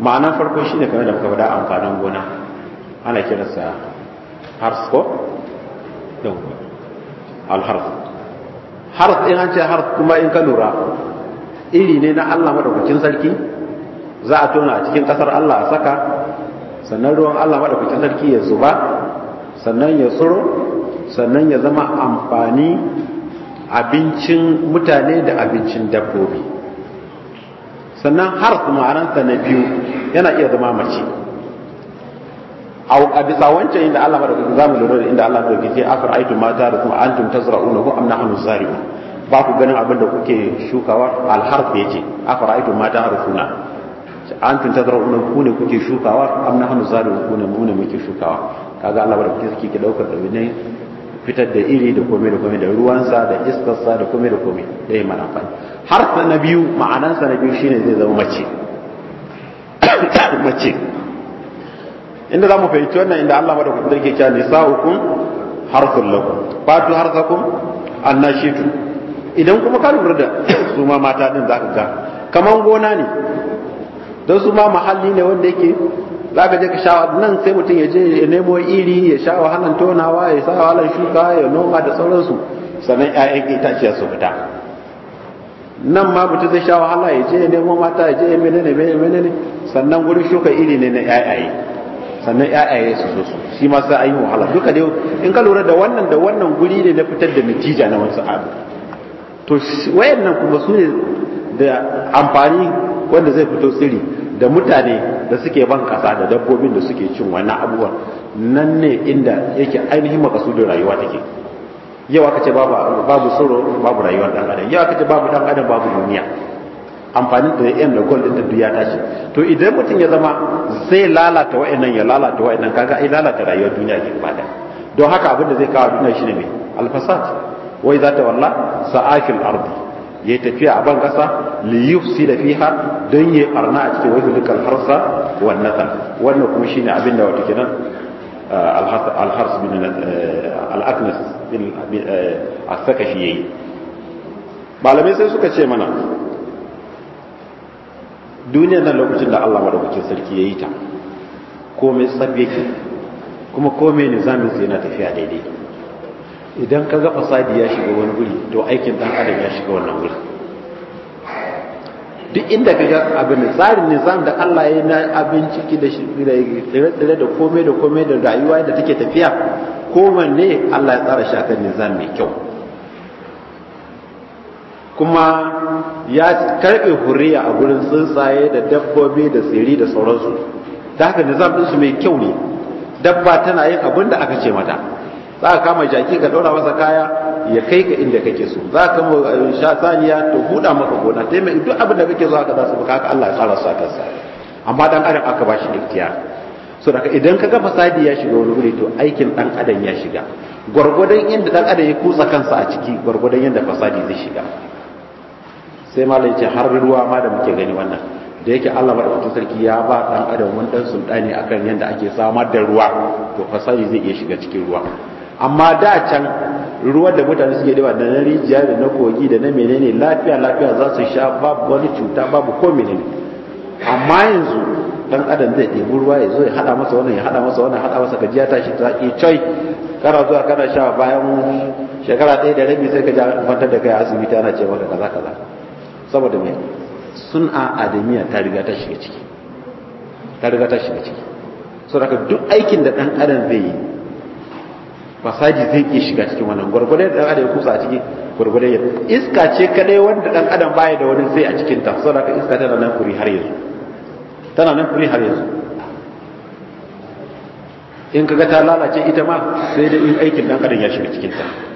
Speaker 3: ma'anar farko shine kamar da muka faɗa amfanin gona ana kiransa harf ko yau alharsu harsu in an ce harsu kuma in ka lura iri ne na Allah madaukakin sarki za a tona a cikin ƙasar Allah a saka sannan ruwan Allah madaukakin sarki ya zuba sannan ya tsoro sannan ya zama amfani abincin mutane da abincin dabbobi sannan harf ma'anarsa na biyu yana iya zama mace a bisa wancan inda Allah madaukaki za mu lura da الله Allah madaukaki sai afar aitu mata da kuma antum tazra'una ko am nahnu zari'un ba ku ganin abin da kuke shukawa alharf yace afar aitu mata harfuna antum tazra'una ku ne kuke shukawa am nahnu zari'un ku ne mu muke shukawa kaga Allah madaukaki fitar da iri da kome da kome da ruwansa da iskarsa da kome da kome da yi mana harfa na biyu ma'anansa na biyu shine zai zama mace <coughs> mace inda zamu fahimci wannan inda Allah madaukakin sarki ya ce nisa'ukum harthul lakum fatu harthakum annashitu idan kuma ka lura da su ma mata din zaka ga kaman gona ne don su ma mahalli ne wanda yake za ka je ka sha nan sai mutum ya je ya nemo iri ya sha wahalan tonawa ya sa wahalan shuka ya noma da sauransu sannan ƴaƴan itaciya su fita nan ma mutum zai sha wahala ya je ya nemo mata ya je ya menene menene sannan gurin shuka iri ne na ƴaƴaye sannan ƴaƴaye su zo su shi ma sai an yi wahala duka dai in ka lura da wannan da wannan guri ne na fitar da mitija na wasu abu to wayannan kuma su ne da amfani wanda zai fito sirri da mutane da suke ban kasa da dabbobin da suke cin wannan abubuwan nan ne inda yake ainihin makasudin rayuwa take yawa kace babu babu tsoro babu rayuwar dan adam yawa kace babu dan adam babu duniya amfani da yan da gold din da duya ta shi to idan mutum ya zama zai lalata wa'annan ya lalata wa'annan kaga ai lalata rayuwar duniya ke bada don haka abin da zai kawo duniya shine me alfasad wai zata walla sa'afil ardi yayi tafiya a ban kasa li yufsida fiha don yayi arna a cikin wajen dukkan harsa wannan nasal wannan kuma shine abin da wato kenan eh, alhars bin eh, al bin eh, al-sakashi yayi malamai sai suka ce mana Duniya nan lokacin da Allah madaukakin sarki ya yi ta komai tsab yake kuma komai zamin sai yana tafiya daidai idan ka ga fasadi ya shiga wani guri to aikin dan adam ya shiga wannan guri duk inda ka ga abin tsarin nizam da Allah ya na abin ciki da tsire-tsire da komai da komai da rayuwa da take tafiya kowanne Allah ya tsara shakan nizam mai kyau kuma ya karɓe hurriya a gurin tsuntsaye da dabbobi da tsiri da sauransu da haka nizam su mai kyau ne dabba tana yin abin da aka ce mata za ka kama jaki ka ɗora masa kaya ya kai ka inda kake so za ka kama eh, saniya to buɗa maka gona ta yi duk abin da kake so haka za su buka Allah ya tsara su kansa amma dan adam aka ba shi ikhtiyar so daga idan ka ga fasadi ya shiga wani wuri to aikin dan adam ya shiga gwargwadon yadda dan adam ya kutsa kansa a ciki gwargwadon yadda fasadi zai shiga sai malam ce har ruwa ma da muke gani wannan da yake Allah madaukakin sarki ya ba dan adam wani dan sultani akan yanda ake samar da ruwa to fasari zai iya shiga cikin ruwa amma da can ruwa da mutane suke dawa da na rijiya da na kogi da na menene lafiya lafiya za su sha babu wani cuta babu ko menene amma yanzu dan adam zai ɗebi ruwa ya zo ya hada masa wannan ya hada masa wannan hada masa gajiya ta shi ta ki coi kana zuwa kana sha bayan shekara ɗaya da rabi sai ka ja fantar da kai asibiti ana ce maka kaza kaza saboda mai a adamiya ta riga ta shiga ciki ta riga ta shiga ciki so da duk aikin da dan adam zai yi fasaji zai iya shiga cikin wannan gwargwadon da dan adam ya kusa a ciki gwargwadon ya iska ce kadai wanda dan adam baya da wani sai a cikin ta so daga iska tana nan kuri har yanzu tana nan kuri har yanzu in kaga ta lalace ita ma sai dai in aikin dan adam ya shiga cikin ta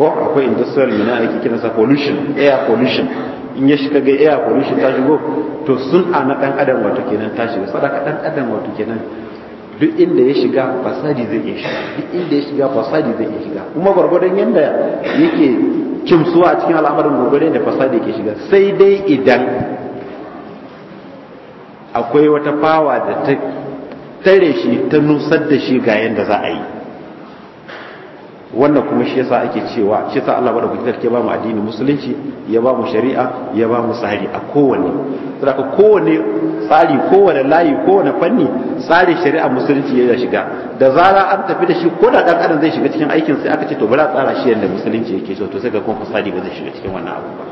Speaker 3: ko akwai industrial mina ake sa pollution air pollution in ya shiga ga air pollution ta shigo to sun a na dan adam wato kenan ta shiga sadaka dan adam wato kenan duk inda ya shiga fasadi zai iya shiga duk inda ya shiga fasadi zai iya shiga kuma gwargwadon yanda yake kimsuwa a cikin al'amarin gwargwadon da fasadi yake shiga sai dai idan akwai wata fawa da ta tare shi ta nusar da shi ga yanda za a yi wannan kuma shi yasa ake cewa shi yasa Allah madaukakin ke ba bamu addinin musulunci ya bamu shari'a ya bamu tsari a kowanne saboda kowanne tsari kowanne layi kowanne fanni tsarin shari'a musulunci ya shiga da zara an tafi da shi ko da dan adam zai shiga cikin aikin sai aka ce to bari a tsara shi yadda musulunci yake so to sai ga kuma fasadi ba zai shiga cikin wannan abu ba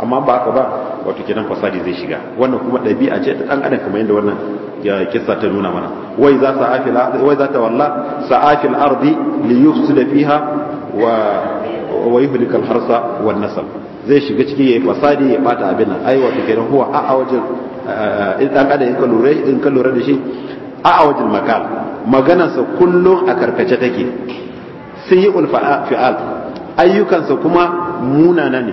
Speaker 3: amma ba haka ba wato kenan fasadi zai shiga wannan kuma ɗabi'a ce ta dan adam kamar yadda wannan ya ta nuna mana wai za ta afila wai za ta walla sa'afil ardi li yufsida fiha wa wa al-harsa wan nasl zai shiga ciki yayi fasadi ya bata abin nan ai wato kenan huwa a a wajen kada eh, in ka lura in ka lura da shi a a wajen makal maganarsa kullum a karkace take sun yi ulfa fi'al ayyukansa kuma munana ne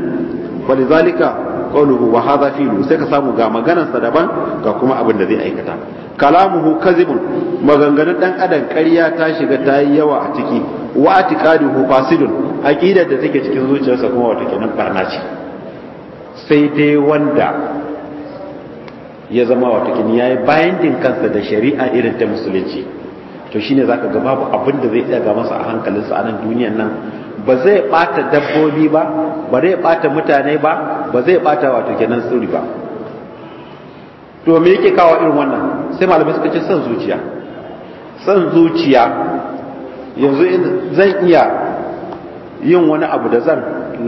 Speaker 3: walizalika qawluhu wa hadha filu sai ka samu ga maganarsa daban ga kuma abin da zai aikata kalamuhu kazibun maganganun dan adam ƙarya ta shiga ta yi yawa a ciki wa atiqaduhu fasidun aqidar da take cikin zuciyarsa kuma wata kenan barna ce sai dai wanda ya zama wata kenan yayi bayan din kansa da shari'a irin ta musulunci to shine zaka ga babu abin da zai iya ga masa a hankalinsa a nan duniyar nan ba zai bata dabbobi ba ba zai bata mutane ba ba zai bata wato kenan sirri ba to me yake kawo irin wannan sai malamai suka ce san zuciya son zuciya yanzu zan iya yin wani abu da zan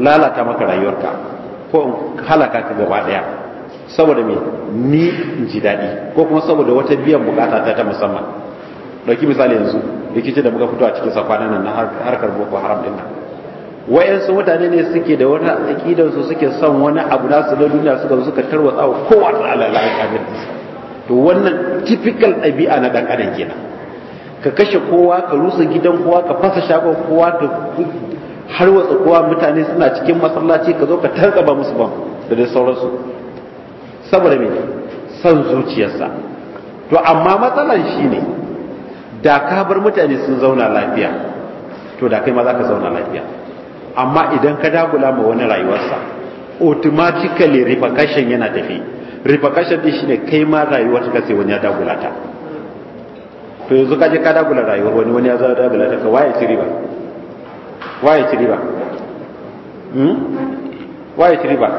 Speaker 3: lalata maka rayuwarka ko in halaka ka gaba daya saboda me ni in ji daɗi ko kuma saboda wata biyan bukata ta ta musamman ɗauki misali yanzu rikici da muka fito a cikin safanin nan na harkar boko haram din nan wayansu mutane ne suke da wani aƙidar su suke son wani abu nasu na duniya suka zo suka tarwatsa wa kowa ta alala kabir to wannan typical ɗabi'a na ɗan adam kenan ka kashe kowa ka rusa gidan kowa ka fasa shagon kowa ka har watsa kowa mutane suna cikin masallaci ka zo ka tarkaba musu ban da dai sauransu saboda me san zuciyarsa to amma matsalan ne da ka bar mutane sun zauna lafiya to da kai ma za ka zauna lafiya amma idan ka dagula ma wani rayuwarsa automatically repercussion yana tafi repercussion din shine kai ma rayuwar ka sai wani ya dagula ta to yanzu ka je ka dagula rayuwar wani wani ya za dagula ta ka waye ci riba waye ci riba hmm waye ci riba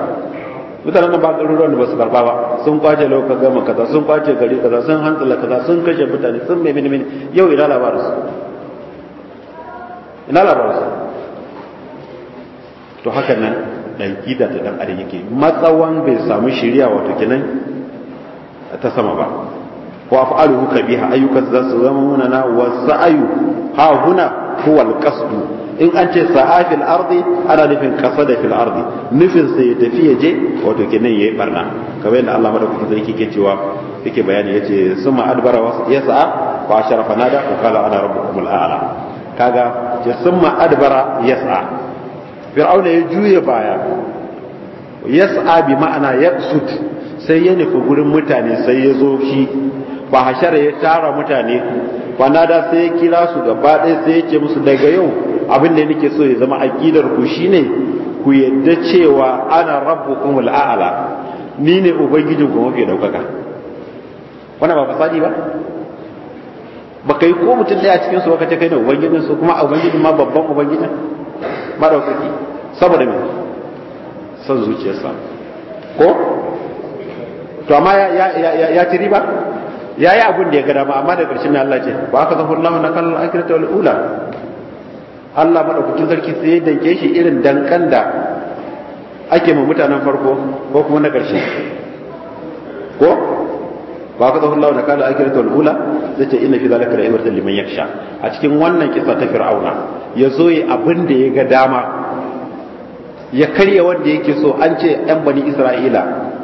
Speaker 3: mutanen nan ba garuruwan da ba su karba ba sun kwace lokacin gama kaza sun kwace gari kaza sun hantsala kaza sun kashe mutane sun mai mini yau ina labarinsu ina labarinsu to haka nan kida da dan adam yake matsawan bai samu shiriya wato kenan ta sama ba wa af'aluhu kabiha ayyukan za su zama munana wa sa'ayu ha huna huwa alqasdu in an ce sa'a fil ardi ana nufin qasada fil ardi nufin sai ya tafi ya je wato kenan yayi barna kamar yadda Allah madaukakin sarki yake cewa yake bayani yace suma adbara was ya sa'a wa nada wa qala ana al a'la kaga ya suma adbara ya sa'a fir'auna ya juye baya yas'a bi ma'ana yaqsud sai ya nufi gurin mutane sai ya zo shi ba hashara ya tara mutane da sai ya kira su gaba ɗaya sai ya ce musu daga yau abin da nake so ya zama aqidar ku shine ku yadda cewa ana rabbukum al'ala, ni ne ubangijin ku mafi daukaka wannan ba fasadi ba ba kai ko mutum ɗaya cikin su baka ta kai ne ubangijin su kuma ubangijin ma babban ubangijin madaukaki saboda me san zuciyarsa ko to amma ya ya ya ya ci riba ya yi abin da ya gada ma amma da ƙarshen Allah ce ba ka zafi Allah na kallon akirta wal ula Allah maɗaukakin sarki sai ya danke shi irin dankan da ake ma mutanen farko ko kuma na ƙarshe ko wa ka zahu Allah da kala akiratul ula zace ina fi zalika da liman yakhsha a cikin wannan kisa ta fir'auna ya zo yi abin da ya ga dama ya karya wanda yake so an ce yan bani isra'ila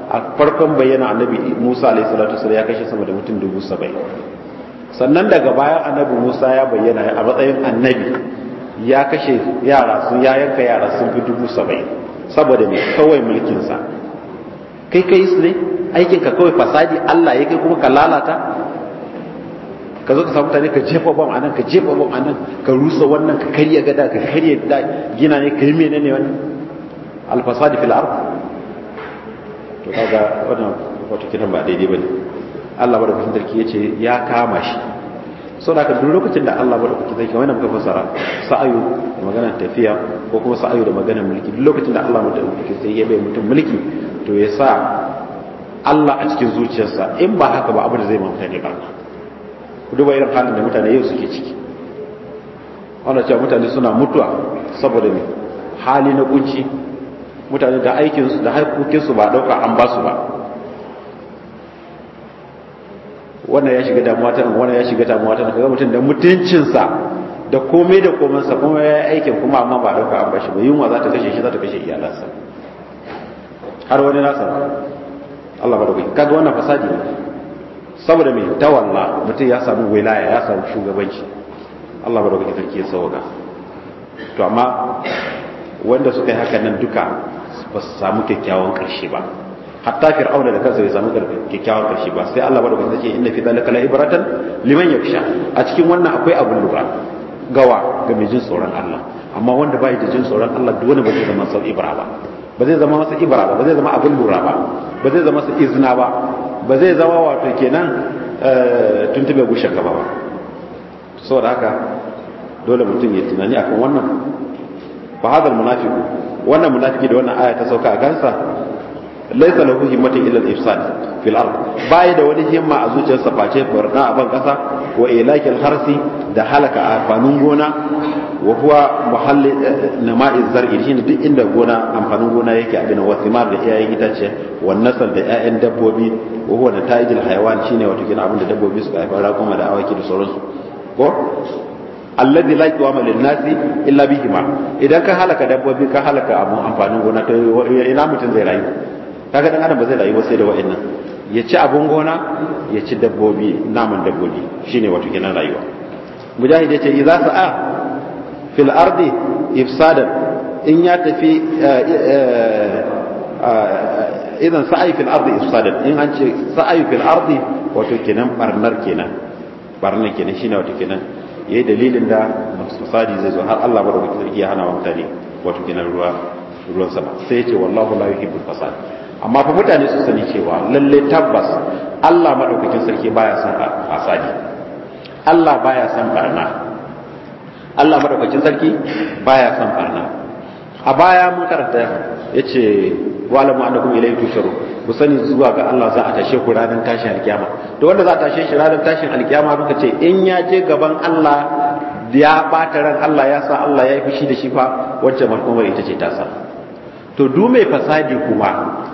Speaker 3: a farkon bayyana annabi Musa alaihi salatu ya kashe sama da mutum dubu saba'in sannan daga bayan annabi Musa ya bayyana a matsayin annabi ya kashe yara sun ya yanka yara sun fi dubu saba'in saboda mai kawai mulkinsa kai kai ne aikin ka kawai fasadi Allah ya kai kuma ka lalata ka zo ka samu mutane ka jefa bom anan ka jefa bom anan ka rusa wannan ka karya gada ka karya da gina ne ka yi menene wani alfasadi fil ard to kaga wannan wato kidan ba daidai bane Allah madaukakin sarki yace ya kama shi saboda ka duk lokacin da Allah madaukakin sarki wannan muka fasara sa'ayu da maganar tafiya ko kuma sa'ayu da maganar mulki duk lokacin da Allah madaukakin ya bai mutum mulki to ya sa Allah a cikin zuciyarsa in ba haka ba abu da zai mutane ba ku duba irin halin da mutane yau suke ciki wanda cewa mutane suna mutuwa saboda ne hali na kunci mutane da aikinsu da haikokinsu ba dauka an ba su ba wannan ya shiga damuwa ta wannan ya shiga damuwa ta kaga mutum da mutuncinsa da komai da komansa kuma ya aikin kuma amma ba dauka an ba shi ba yunwa za ta kashe shi za ta kashe iyalansa har wani nasa Allah madaukaki kaga wannan fasadi saboda me tawalla mutum ya samu wilaya ya samu shugabanci Allah madaukaki sarki ya sauka to amma wanda suka yi hakan nan duka ba su samu kyakkyawan karshe ba hatta fir'auna da kansa bai samu kyakkyawan karshe ba sai Allah madaukaki yake inna fi zalika la ibratan liman yakhsha a cikin wannan akwai abun lura gawa ga mai jin tsoron Allah amma wanda bai da jin tsoron Allah duk wani ba zai zama sau ibra ba ba zai zama masa ibra ba ba zai zama abin lura ba ba zai zama masa izina ba ba zai zama wato kenan eh, tuntube gushen gaba ba saboda haka dole mutum ya tunani akan wannan ba hadar munafiku wannan munafiki da wannan aya ta sauka a kansa laisa lahu himmatun illa al-ifsad fil ard bai da wani himma a zuciyarsa face barna a ban kasa wa ilakil harsi da halaka amfanin gona wa huwa muhalli eh, nama'i zar'i shine duk inda gona amfanin gona yake abin wa thimar da iyayen itace wa nasal da iyayen dabbobi wa huwa da ta'ijil hayawan shine wato kin abin da dabbobi suka haifar kuma da awaki da sauransu ko alladhi la yuqama lin nasi illa bihima idan ka halaka dabbobi ka halaka amfanin gona to ina mutun zai rayu kaga dan adam ba zai rayu ba sai da wa'annan ya ci abun gona ya ci dabbobi naman dabbobi shine wato kenan rayuwa mujahid yace idza sa'a fil ardi ifsadan in ya tafi eh, eh, eh, idan sa'ai fil ardi ifsadan in an ce sa'ai fil ardi wato kenan barnar kenan barnar kenan shine wato kenan yayi dalilin da fasadi zai zo har Allah da sarki ya hana wa mutane wato kenan ruwa ruwan sama sai ya ce wallahu la yuhibbul fasad amma fa mutane su sani cewa lalle tabbas Allah madaukakin sarki baya son fasadi Allah baya son barna Allah madaukakin sarki baya son barna a baya mun karanta yace walamu annakum ilayhi tusharu ku sani zuwa ga Allah za a tashe ku ranar tashin alkiyama to wanda za a tashe shi ranar tashin alkiyama muka ce in ya je gaban Allah ya bata ran Allah ya sa Allah ya yi fushi da shi fa wacce markumar ita ce ta sa to du mai fasadi kuma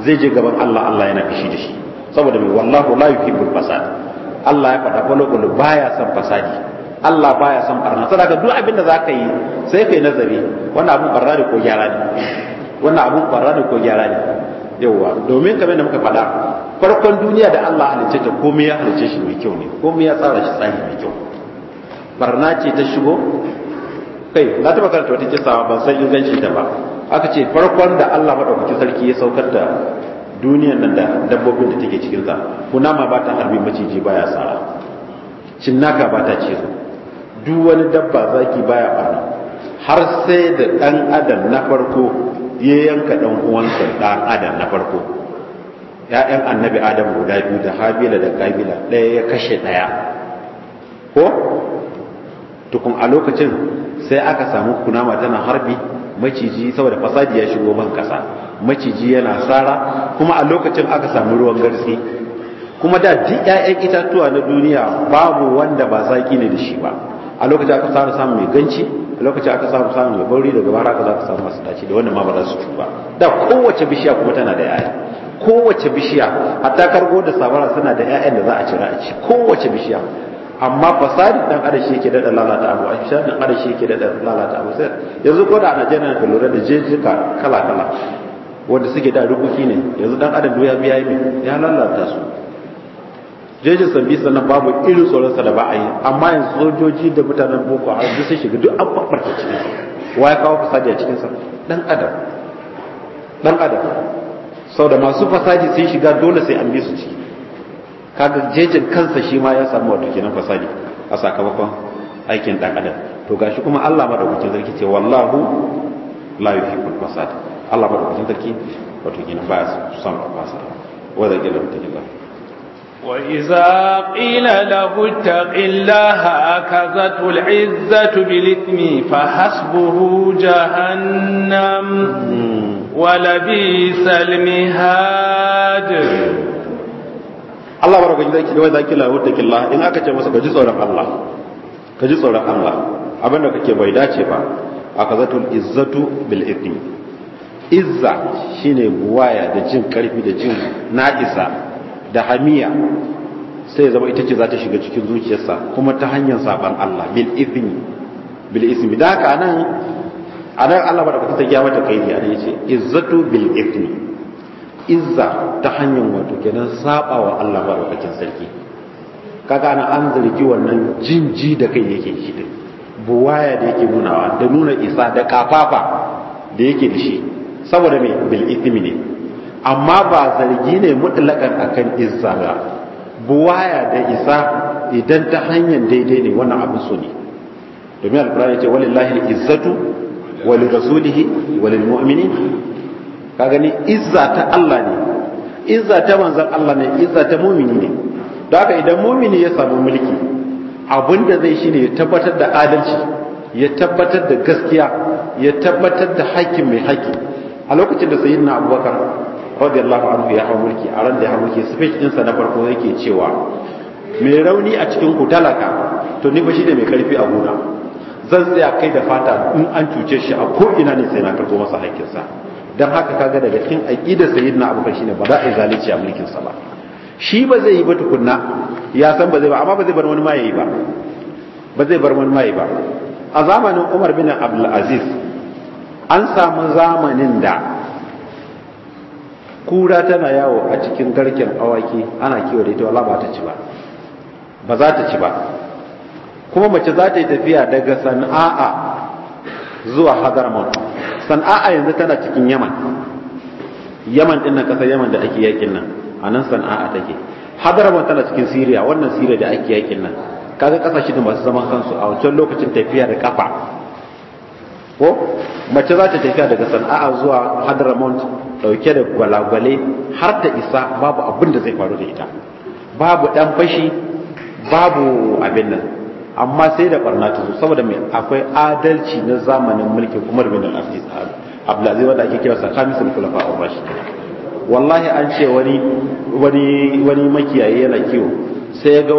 Speaker 3: zai je gaban Allah Allah yana fishi da shi saboda mai wallahu la yuhibbul fasad Allah ya faɗa kullu baya san fasadi Allah baya san barna sai saboda duk abin da zaka yi sai kai nazari wannan abun barna ne ko gyara ne wannan abun barna ne ko gyara ne yawa domin kamar da muka faɗa farkon duniya da Allah halicce ta komai ya halicce shi mai kyau ne komai ya tsara shi tsari mai kyau barna ce ta shigo kai na taba karanta wata kisa ban san ingancin ta ba aka ce farkon da Allah madaukakin sarki ya saukar da duniyar nan da dabbobin da take cikin ta kunama ba ta harbi maciji baya sara cinnaka ba ta cizo duk wani dabba zaki baya barna har sai da ɗan adam na farko ya yanka ɗan uwansa ɗan adam na farko ya'yan annabi adam guda biyu da habila da kabila ɗaya ya kashe ɗaya ko tukun a lokacin sai aka samu kunama tana harbi maciji saboda fasadi ya shigo ban kasa maciji yana sara kuma a lokacin aka samu ruwan garsi kuma da duk ƴaƴan itatuwa na duniya babu wanda ba zaki ne da shi ba a lokacin aka samu samu mai ganci a lokacin aka samu samu mai bauri daga bara ka za ka samu masu dace da wanda ma ba za su ci ba da kowace bishiya kuma tana da ƴaƴa kowace bishiya hatta kargo da sabara suna da 'ya'yan da za a cira a ci kowace bishiya amma fasadi dan adam shi yake dada lalata abu a shi adam shi yake dada lalata abu sai yanzu ko da a Najeriya ne lura da jejjika kala kala wanda suke da rubuki ne yanzu dan adam doya biya yi ya lalata su jejin bi sannan babu irin sa da ba a yi amma yanzu sojoji da mutanen boko har duk sun shiga duk an babbarta cikin sa wa ya kawo fasadi a cikin sa dan adam dan adam sau da masu fasadi sun shiga dole sai an bi su ciki kaga jejin kansa shi ma ya samu wato kenan fasadi a sakamakon aikin dan adam to gashi kuma Allah madaukakin sarki ce wallahu la yuhibbul fasad Allah madaukakin sarki wato kenan baya son fasad wa da gilan ta gilan
Speaker 1: وإذا قيل له اتق الله أكذته العزة بالإثم فحسبه جهنم ولبئس المهاد
Speaker 3: Allah ku zaki wanda kila killa in aka ce masa ka ji tsoron Allah ka ji tsoron Allah abinda kake bai dace ba akazatul izzatu bil ithmi izza shine buwaya da jin karfi da jin na'isa da hamiya sai zama ita ce za ta shiga cikin zuciyarsa kuma ta hanyar saban Allah bil ithmi bil ismi da haka nan anan Allah ba da kuta ta mata kai ne a yace izzatu bil ithmi izza ta hanyar wato kenan saba wa Allah madaukakin sarki kaga ana an zargi wannan jinji da kai yake shi din buwaya da yake nunawa da nuna isa da kafafa da yake da shi saboda mai bil ithmi ne amma ba zargi ne mutlakan akan izza ba buwaya da isa idan ta hanyar daidai ne wannan abu so ne domin alkur'ani ce walillahi izzatu wa lirasulihi ka gani izza ta Allah ne izza ta manzon Allah ne izza ta mumini ne don haka idan mumini ya samu mulki abin da zai shine ya tabbatar da adalci ya tabbatar da gaskiya ya tabbatar da haƙƙin mai haƙƙi a lokacin da sayyidina abubakar radiyallahu anhu ya hau mulki a ran da ya hau mulki speech ɗinsa na farko yake cewa mai rauni a cikin ku to ni bashi da mai karfi a gona zan tsaya kai da fata in an cuce shi a ko'ina ne sai na karɓo masa haƙƙinsa dan haka kaga daga cikin aqidar sayyidina abubakar shine ba za a yi zalunci a mulkin sa ba shi ba zai yi ba tukunna ya san ba zai ba amma ba zai bar wani ma yayi ba ba zai bar wani ma yayi ba a zamanin Umar bin Abdul Aziz an samu zamanin da kura tana yawo a cikin garken awaki ana kiwo da ita wala ba ta ci ba ba za ta ci ba kuma mace za ta yi tafiya daga sana'a zuwa hadarmar sana'a yanzu tana cikin yaman yaman din nan kasar yaman da ake yakin nan a nan sana'a take hadrama tana cikin siriya wannan siriya da ake yakin nan kaga kasashe da masu zaman kansu a wancan lokacin tafiya da kafa ko mace za ta tafiya daga sana'a zuwa hadramont dauke da gwalagwale har ta isa babu abin da zai faru da ita babu dan fashi babu abin nan amma sai da barna ta zo saboda mai akwai adalci na zamanin mulkin Umar bin Al-Aziz Abdulaziz wanda ake kira sakamisul khulafa ar-rashid wallahi an ce wani wani wani makiyaye yana kiwo sai ga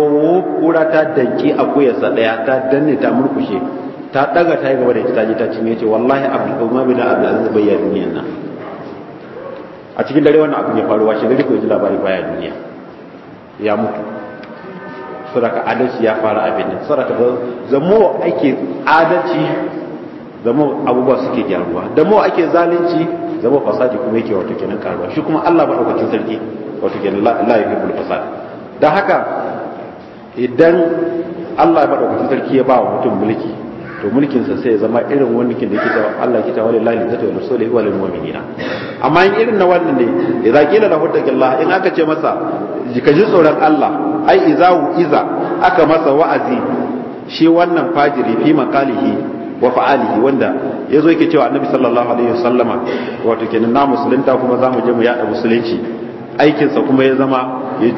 Speaker 3: kura ta danki akuyarsa daya ta danne ta murkushe ta daga ta yi gaba da ita je ta cinye ce wallahi Abdul Umar bin Abdulaziz bai yi duniya nan a cikin dare wannan abin ya faru shi gari ko ji labari baya duniya ya mutu saraka adalci ya fara abin nan saboda zamo ake adalci zamo abubuwa suke gyaruwa zamo ake zalunci zamo fasadi kuma yake wato kenan karuwa shi kuma Allah ba daukakin sarki wato kenan la yuhibbul fasad dan haka idan Allah ba daukakin sarki ya ba wa mutum mulki to mulkinsa sai zama irin mulkin da yake cewa Allah ke tawa lillahi zata wa rasulihi wa lil mu'minina amma in irin na wannan ne idza qila lahu taqillaha in aka ce masa ka ji tsoron Allah ai izahu iza aka masa wa'azi shi wannan fajiri fi maqalihi wa fa'alihi wanda yazo yake cewa annabi sallallahu alaihi wasallama wato kenan na musulunta kuma zamu je mu yada musulunci aikinsa kuma ya zama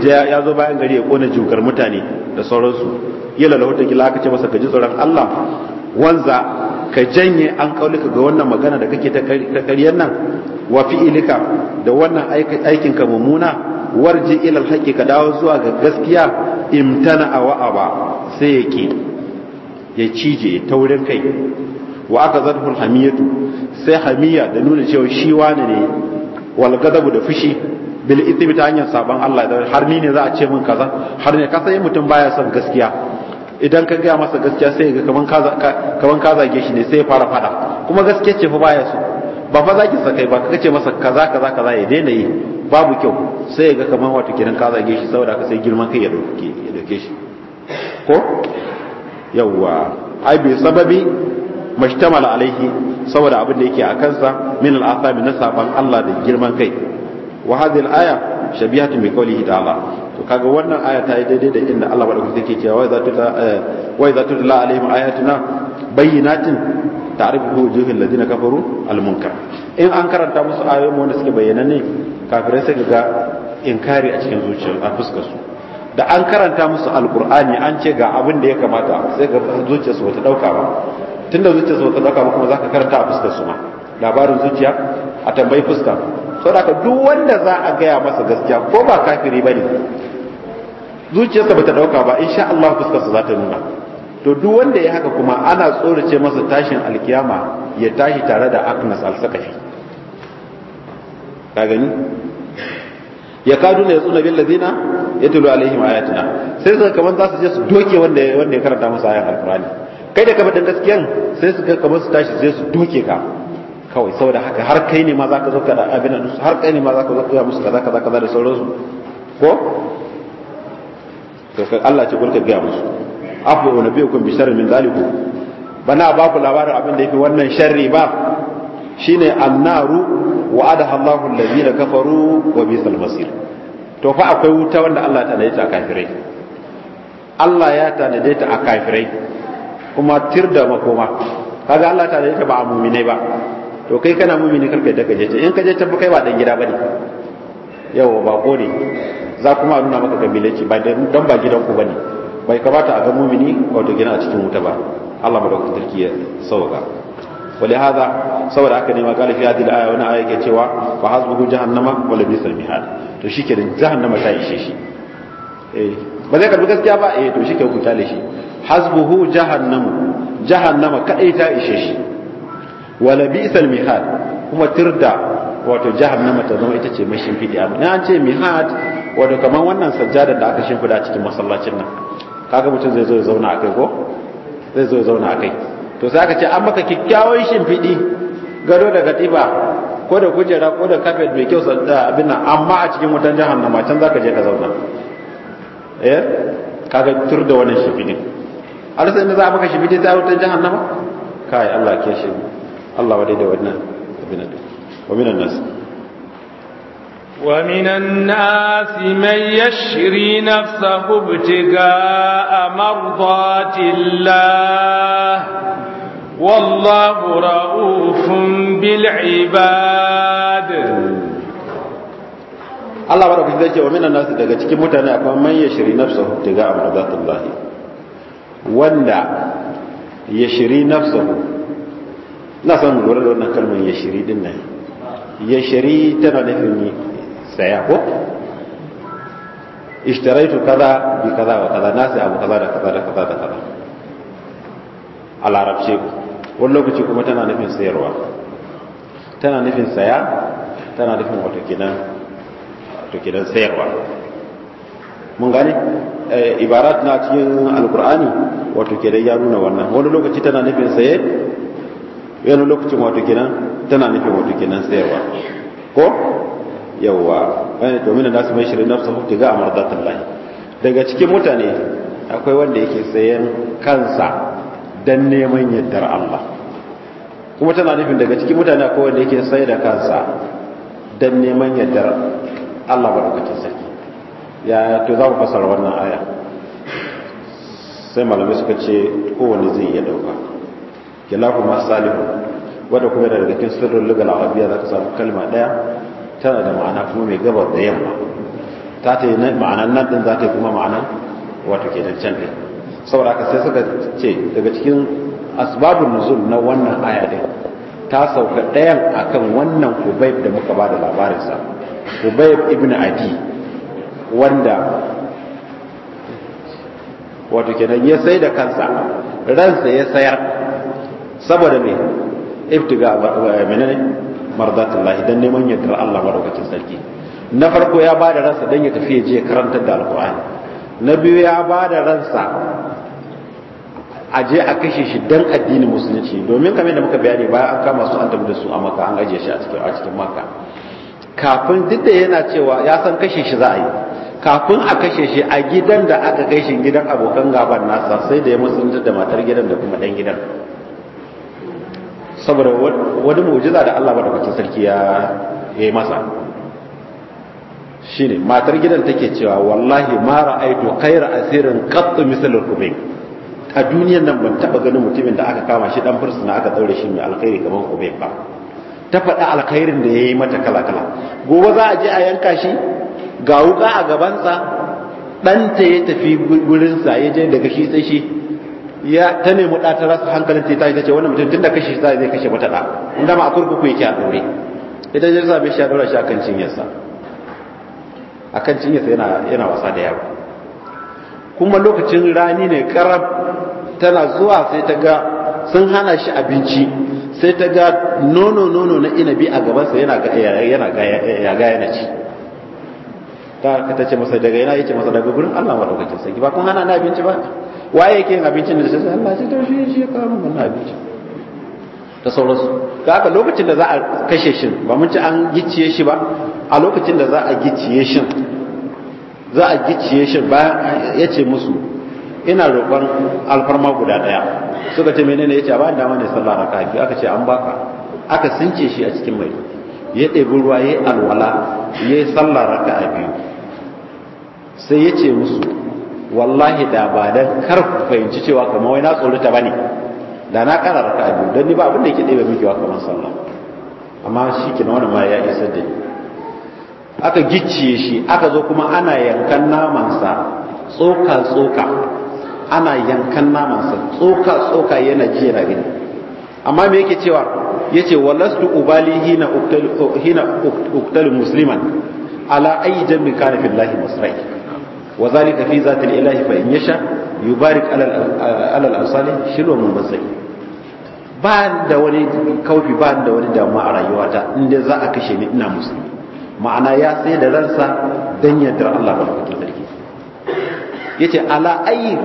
Speaker 3: ya zo bayan gari ya kona jukar mutane da sauransu ya lalata kila aka ce masa ka ji tsoron Allah wanza ka janye an kaulika ga wannan magana da kake ta karyar nan wa fi'ilika da wannan ka mummuna warji ila alhaqi ka dawo zuwa ga gaskiya imtana a aba sai yake ya cije taurin kai wa aka zarfin hamiyatu sai hamiya da nuna cewa shi wani ne wal gadabu da fushi bil ithmi ta hanyar saban Allah da har ni ne za a ce min kaza har ne ka sai mutum baya son gaskiya idan ka gaya masa gaskiya sai ga kaman ka kaman ka zage shi ne sai ya fara fada kuma gaskiya ce fa baya so ba fa zaki sa kai ba ka ce masa kaza kaza kaza ya daina yi babu kyau sai ya ga kamar wato kiran ka zage shi saboda ka sai girman kai ya dauke ya dauke shi ko yawwa ai bi sababi mashtamala alaihi saboda abin da yake a kansa min al-athami na saban Allah da girman kai wa hadhihi al-aya shabihatu bi qawlihi ta'ala to kaga wannan aya ta yi daidai da inda Allah da kuke cewa wai za ta eh, wai za ta la alaihim ayatuna bayyinatin ta'rifu bi wujuhil ladina kafaru al munkar in an karanta musu ayoyin wanda suke ne kafirai sai ga inkari a cikin zuciyar a fuskar su da an karanta musu alqur'ani an ce ga abin da ya kamata sai ga su bata dauka ba tunda su bata dauka ba kuma zaka karanta a fuskar su ma labarin zuciya a tambayi fuska saboda duk wanda za a gaya masa gaskiya ko ba kafiri bane zuciyarsa bata dauka ba insha Allah fuskar su za ta nuna to duk wanda ya haka kuma ana tsorace masa tashin alkiyama ya tashi tare da aknas al-sakafi ka gani ya kadu ne tsuna bil ladina yatlu alaihim ayatina sai su kaman za su je su doke wanda wanda ya karanta masa ayat alqur'ani kai da ka faɗin gaskiyan sai su kaman su tashi sai su doke ka kawai saboda haka har kai ne ma za ka zo ka abin nan har kai ne ma za ka zo ka musu kaza kaza kaza da sauransu ko to Allah ce gurka ga musu afu wa nabiyukum bi sharri min zaliku bana ba ku labarin abin da yake wannan sharri ba shine annaru wa adaha Allahu alladhina kafaru wa bisal masir to fa akwai wuta wanda Allah ta ta a kafirai Allah ya tanade ta a kafirai kuma tirda makoma kaga Allah ta ta ba a ba to kai kana mumini karka da kaje ta in kaje ta kai ba dan gida bane yawa ba ko za kuma nuna maka kabilanci ba dan ba gidan ku bane bai kamata a ga mumini wato gina a cikin wuta ba Allah madaukakin sarki ya sauka wali hada saboda haka ne ma kalifi hadi al-aya wani aya yake cewa fa hasbuhu jahannama wala bisal mihad to shikenan jahannama ta ishe shi eh ba zai karbi gaskiya ba eh to ke hukunta le shi hasbuhu jahannamu jahannama kadai ta ishe shi Wala bisal mihad kuma tirda wato jahannama ta zama ita ce mashin fidi amma an ce mihad wato kamar wannan sajjada da aka shimfida cikin masallacin nan kaga mutum zai zo ya zauna a kai ko zai zo ya zauna a kai to sai aka ce an maka kikkiawar shimfiɗi gado da katiba ko da kujera ko da kafet mai kyau sanda abin nan amma a cikin wutan jahannama can zaka je ka zauna eh kaga tur da wannan shimfiɗin har sai inda za a maka shimfiɗi sai a wutan jahannama kai Allah ke shi Allah wadai da wannan abin nan wa minan nas
Speaker 1: ومن الناس من يشري نفسه ابتغاء مرضات الله والله رؤوف بالعباد
Speaker 3: Allah wa rabbi zai wa minan nasu daga cikin mutane akwai man ya shiri nafsahu daga amradatullahi wanda ya shiri nafsahu na san lura da wannan kalmar ya shiri din nan ya shiri tana nufin saya ko ishtaraitu kaza bi kaza wa kaza na sai abu kaza da kaza da kaza da kaza a larabci wani lokaci kuma tana nufin sayarwa tana nufin saya tana nufin wato kenan wato kenan sayarwa mun gane eh, ibarat na cikin alkur'ani wato kenan ya nuna wannan wani lokaci tana nufin saye wani lokaci wato kenan tana nufin wato kenan sayarwa ko yawa ana eh, domin nasu mai shirin nafsa hukki ga amardatan lahi daga cikin mutane akwai wanda yake sayan kansa dan neman yaddar Allah kuma tana nufin daga cikin mutane akwai wanda yake sai da kansa dan neman yaddar Allah madaukakin sarki ya to za mu fasara wannan aya sai malamai suka ce kowanne zai iya dauka kilahu ma salihu wanda kuma daga cikin sirrin lugal arabiya za ka samu kalma daya tana da ma'ana kuma mai gabar da yamma ta ta yi ma'anan nan ɗin za ta yi kuma ma'ana wato ke nan can saboda aka sai suka ce daga cikin asbabun nuzul na wannan aya ta sauka ɗayan akan wannan kubayb da muka ba da labarinsa kubayb ibn adi wanda wato nan ya sai da kansa ransa ya sayar saboda me ibtiga menene mardatullahi dan neman yardar Allah madaukakin sarki na farko ya bada ransa dan ya tafi ya je karantar da alqur'ani na biyu ya ba da ransa a je a kashe shi dan addinin musulunci domin kamar da muka bayani bayan an kama su an tabbata su a maka an ajiye shi a cikin a cikin maka kafin duk da yana cewa ya san kashe shi za a yi kafin a kashe shi a gidan da aka kai shi gidan abokan gaban nasa sai da ya musulunci da matar gidan da kuma dan gidan saboda wani mu'jiza da Allah madaukakin sarki ya yi masa shine matar gidan take cewa wallahi ma ra'aitu khayra asirin qattu mislul hubayb a duniyar nan ban taba ganin mutumin da aka kama shi dan fursuna aka daure shi mai alkhairi kamar hubayb ba ta faɗi alkhairin da ya yi mata kala kala gobe za a je a yanka shi ga wuka a gabansa ɗanta ya tafi gurinsa ya je daga shi sai shi ya ta nemi ɗa ta rasa hankalin ta ta ce wannan mutum tunda kashe shi zai kashe mata ɗa in ma a kurkuku yake a dore ita ta zabe shi a dora shi akan cinyarsa akan cinyarsa yana yana wasa da yaro kuma lokacin rani ne karab tana zuwa sai ta ga sun hana shi abinci sai ta ga nono nono na inabi a gabansa yana ga yana ga yana ci ta ce masa daga yana yake masa daga gurin Allah lokacin sarki ba kun hana na abinci ba waye ke yin abincin da sai Allah sai to shi shi ya kawo wannan abincin da sauransu da haka lokacin da za a kashe shi ba mun ci an gicciye shi ba a lokacin da za a gicciye shi za a gicciye shi bayan ya ce musu ina roƙon alfarma guda ɗaya suka ce menene ya ce ba dama ne sallah raka biyu aka ce an baka aka sunce shi a cikin mai ya ɗebi ruwa ya alwala ya yi sallah raka biyu sai ya ce musu wallahi da ba dan kar ku fahimci cewa kamar wai na tsorata bane da na kara raka biyu don ni ba abin da yake ɗaya miki wa kamar sallah amma shi ke wani ma ya isar da ni aka gicciye shi aka zo kuma ana yankan namansa tsoka tsoka ana yankan namansa tsoka tsoka yana ji yana gani amma me yake cewa yace wallastu ubali hina uktal hina uktal musliman ala ayi jambi kana fillahi masrai wa zalika fi zatil ilahi fa in yasha yubarik alal asali shilwa mun basai ba da wani kaufi ba da wani damuwa a rayuwata inda za a kashe ni ina musulmi ma'ana ya sai da ransa dan yardar Allah barkatu sarki yace ala ayi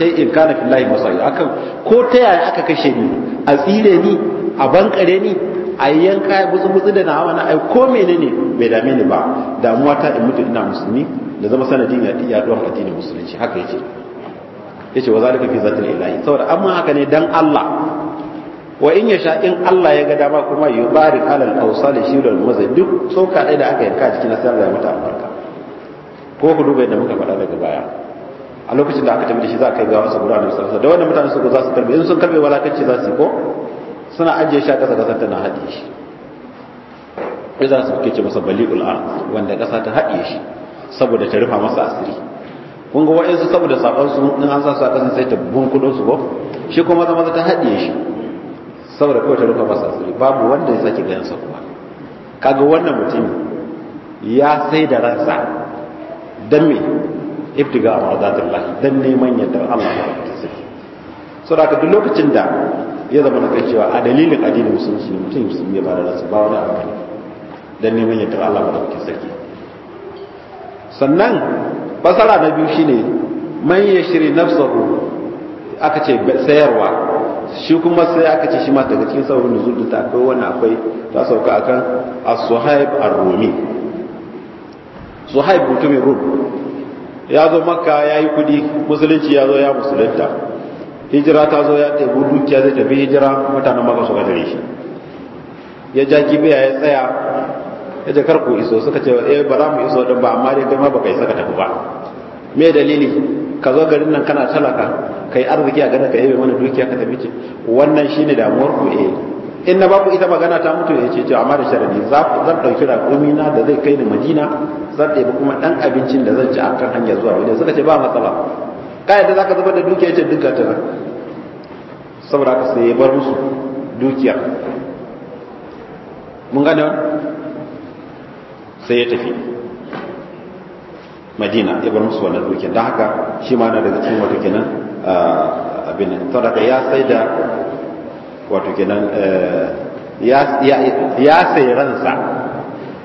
Speaker 3: sai in kana fillahi masai akan ko ta yaya aka kashe ni a tsire ni a bankare ni a yanka ya butsu butsu da nawa na ai ko menene bai dame ni ba damuwa ta in mutu ina musulmi da zama sanadin ya yaduwar addinin musulunci haka yace yace wa zalika fi zatil ilahi saboda amma haka ne dan Allah wa in yasha in Allah ya ga dama kuma yubarik alal awsal shirul mazid duk soka da aka yanka cikin nasara da mata albarka ko ku duba yadda muka faɗa daga baya a lokacin da aka tafi da shi za a kai gawa saboda da sallallahu da wannan mutane su za su karbe in sun karbe walakanci za su yi ko suna ajiye shi a ƙasa ƙasa tana haɗe shi iza su ke ce masa bali'ul ard wanda ƙasa ta haɗe shi saboda ta rufa masa asiri kun ga wa'ansu saboda sakon su in an sa su a ƙasa sai ta bun kudin su ko shi kuma zama ta haɗe shi saboda kawai ta rufa masa asiri babu wanda ya sake ganin sa kuma kaga wannan mutum ya sai da ransa dan me ibtiga maradatillah dan neman yardar Allah ta sarki saboda duk lokacin da ya zama na cewa a dalilin adini musulunci mutum musulmi ya da rasu ba wani abu ne dan neman yadda Allah ba da kuke sarki sannan fasara na biyu shine man shiri nafsahu aka ce sayarwa shi kuma sai aka ce shi ma daga cikin da nuzul ta akwai wani akwai ta sauka akan a suhaib ar-rumi suhaib mutumin rum ya zo makka ya yi kudi musulunci ya zo ya musulunta hijira ta zo ya tebu dukiya zai tafi hijira mutanen maka suka tare shi ya ja kibiya ya tsaya ya ja karku iso suka ce eh ba za mu iso din ba amma dai kai ma baka isa ka tafi ba me dalili ka zo garin nan kana talaka kai arziki a gana ka yi mana dukiya ka tafi ce wannan shine damuwar ku eh in na babu ita magana ta mutu ya ce amma da sharadi zan dauki raƙumi na da zai kai ni madina zan ɗebi kuma ɗan abincin da zan ci a kan hanyar zuwa wajen suka ce ba matsala ka yadda za ka zubar da dukiya ce duka ta nan saboda haka sai ya bar musu dukiya mun gane sai ya tafi madina ya bar musu wannan dukiya don haka shi ma na daga cikin wato kenan abin saboda ya sai da wato kenan eh, ya sai ransa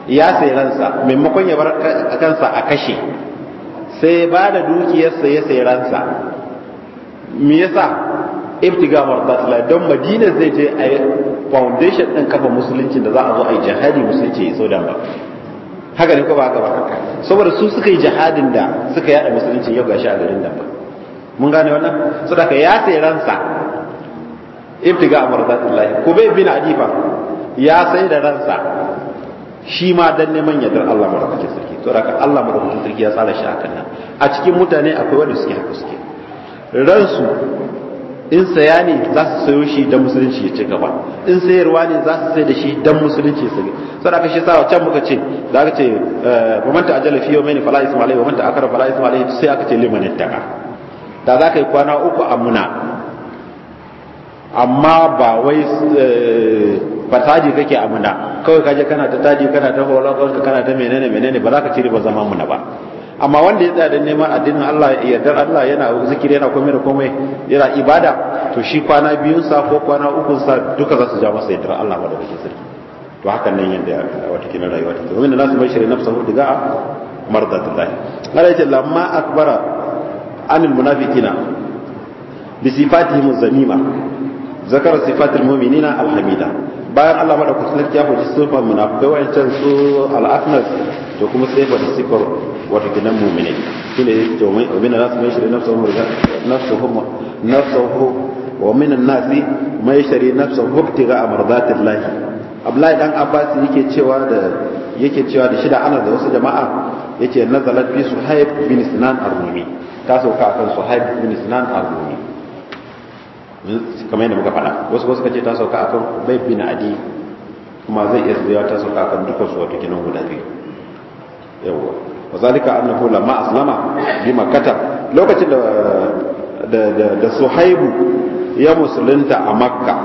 Speaker 3: ya sai ransa maimakon ya bar kansa a kashe sai ba da dukiyarsa ya sai ransa me yasa ibtiga mardatullah don madina zai je a foundation din kafa musulunci da za a zo a yi jihadi musulunci ya sodan ba haka ne ko ba haka ba saboda su suka yi jihadin da suka yada musulunci yau gashi a garin da ba mun gane wannan saboda ka ya sai ransa ibtiga mardatullah ko bai bin adifa ya sai da ransa shi ma dan neman yardar Allah madaukakin sarki to da Allah madaukakin sarki ya tsara shi hakan nan a cikin mutane akwai wanda suke haka suke ransu in saya ne za su sayo shi dan musulunci ya ci gaba in sayarwa ne za su sai da shi dan musulunci ya sage aka shi sa can muka ce da aka ce eh, wa man ta'ajjala fi yawmayn fala isma alayhi manta man ta'akhkhara fala isma sai aka ce liman ittaqa da za ka yi kwana uku a muna amma ba wai eh, ba taji kake a muna kawai kaje kana ta taji kana ta hola kawai kana ta menene menene ba za ka cire ba zaman muna ba amma wanda ya tsaya da neman addinin Allah ya yarda Allah yana zikiri yana komai da komai yana ibada to shi kwana biyun sa ko kwana ukun sa duka za su ja masa yarda Allah ba da kake sirri to hakan nan yanda wata kina rayuwa ta domin na nasu bashiri nafsahu diga mardatullah Allah ya ce lamma akbara anil munafiqina bi sifatihim zamima zakara sifatul mu'minina alhamida bayan Allah mada sarki ya faɗi sifar munafikai wayancan su al'afinas da kuma sai faɗi sifar wato kinan mu'mini shine yake to mai na su mai shiri na su nafsuhum wa min an-nas mai shiri nafsuhu ibtiga amradatillah Abdullahi dan abbasi yake cewa da yake cewa da shida ana da wasu jama'a yake nazalat fi haif bin Sinan ar-Rumi ta sauka kan su haif bin Sinan ar-Rumi kamar yadda muka faɗa wasu wasu kace ta sauka akan bai bin adi kuma zai iya zuwa ta sauka akan dukkan su wato kinan guda biyu yawa wazalika annahu lamma aslama bi makkata lokacin da da da suhaibu ya musulunta a makka